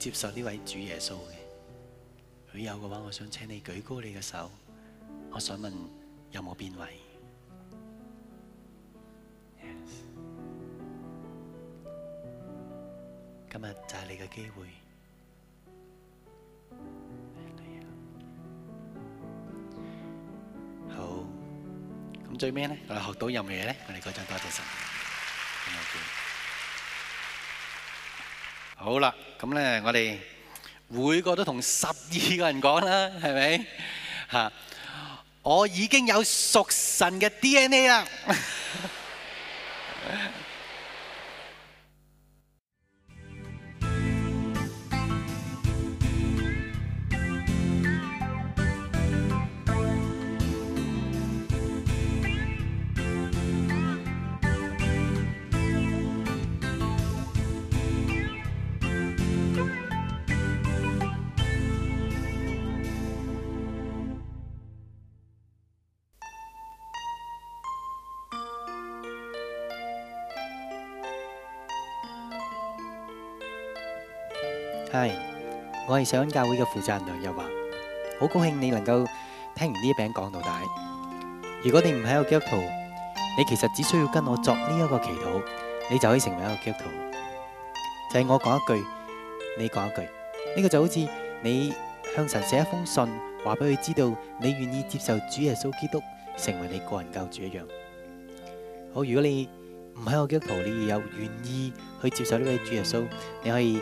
接受呢位主耶穌嘅，佢有嘅話，我想請你舉高你嘅手，我想問有冇變位？今日就係你嘅機會。好，咁最尾咧，我哋學到任何嘢咧？我哋嗰陣多謝神。好啦。咁咧，我哋每個都同十二個人講啦，係咪？嚇！我已經有屬神嘅 DNA 啦。 係，我係上恩教會嘅負責人梁日華，好高興你能夠聽完呢一篇講道。如果你唔係一個基督徒，你其實只需要跟我作呢一個祈禱，你就可以成為一個基督徒。就係我講一句，你講一句，呢個就好似你向神寫一封信，話俾佢知道你願意接受主耶穌基督成為你個人救主一樣。好，如果你唔係一個基督徒，你又有願意去接受呢位主耶穌，你可以。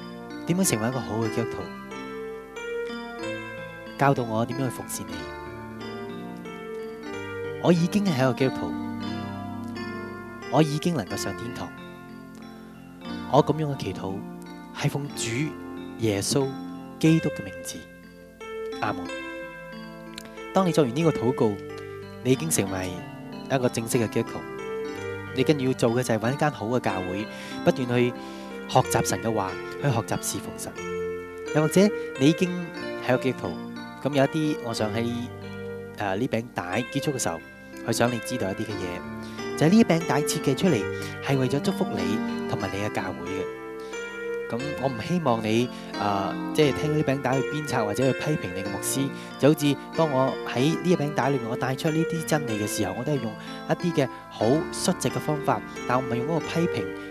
點樣成為一個好嘅基督徒？教導我點樣去服侍你？我已經係一個基督徒，我已經能夠上天堂。我咁樣嘅祈禱係奉主耶穌基督嘅名字，阿門。當你做完呢個禱告，你已經成為一個正式嘅基督徒。你跟住要做嘅就係揾一間好嘅教會，不斷去學習神嘅話。去學習侍奉神，又或者你已經喺個基督徒，咁有一啲，我想喺誒呢餅帶結束嘅時候，去想你知道一啲嘅嘢，就係呢餅帶設計出嚟係為咗祝福你同埋你嘅教會嘅。咁我唔希望你誒即係聽呢餅帶去鞭策或者去批評你嘅牧師，就好似當我喺呢餅帶裏面我帶出呢啲真理嘅時候，我都係用一啲嘅好率直嘅方法，但我唔係用嗰個批評。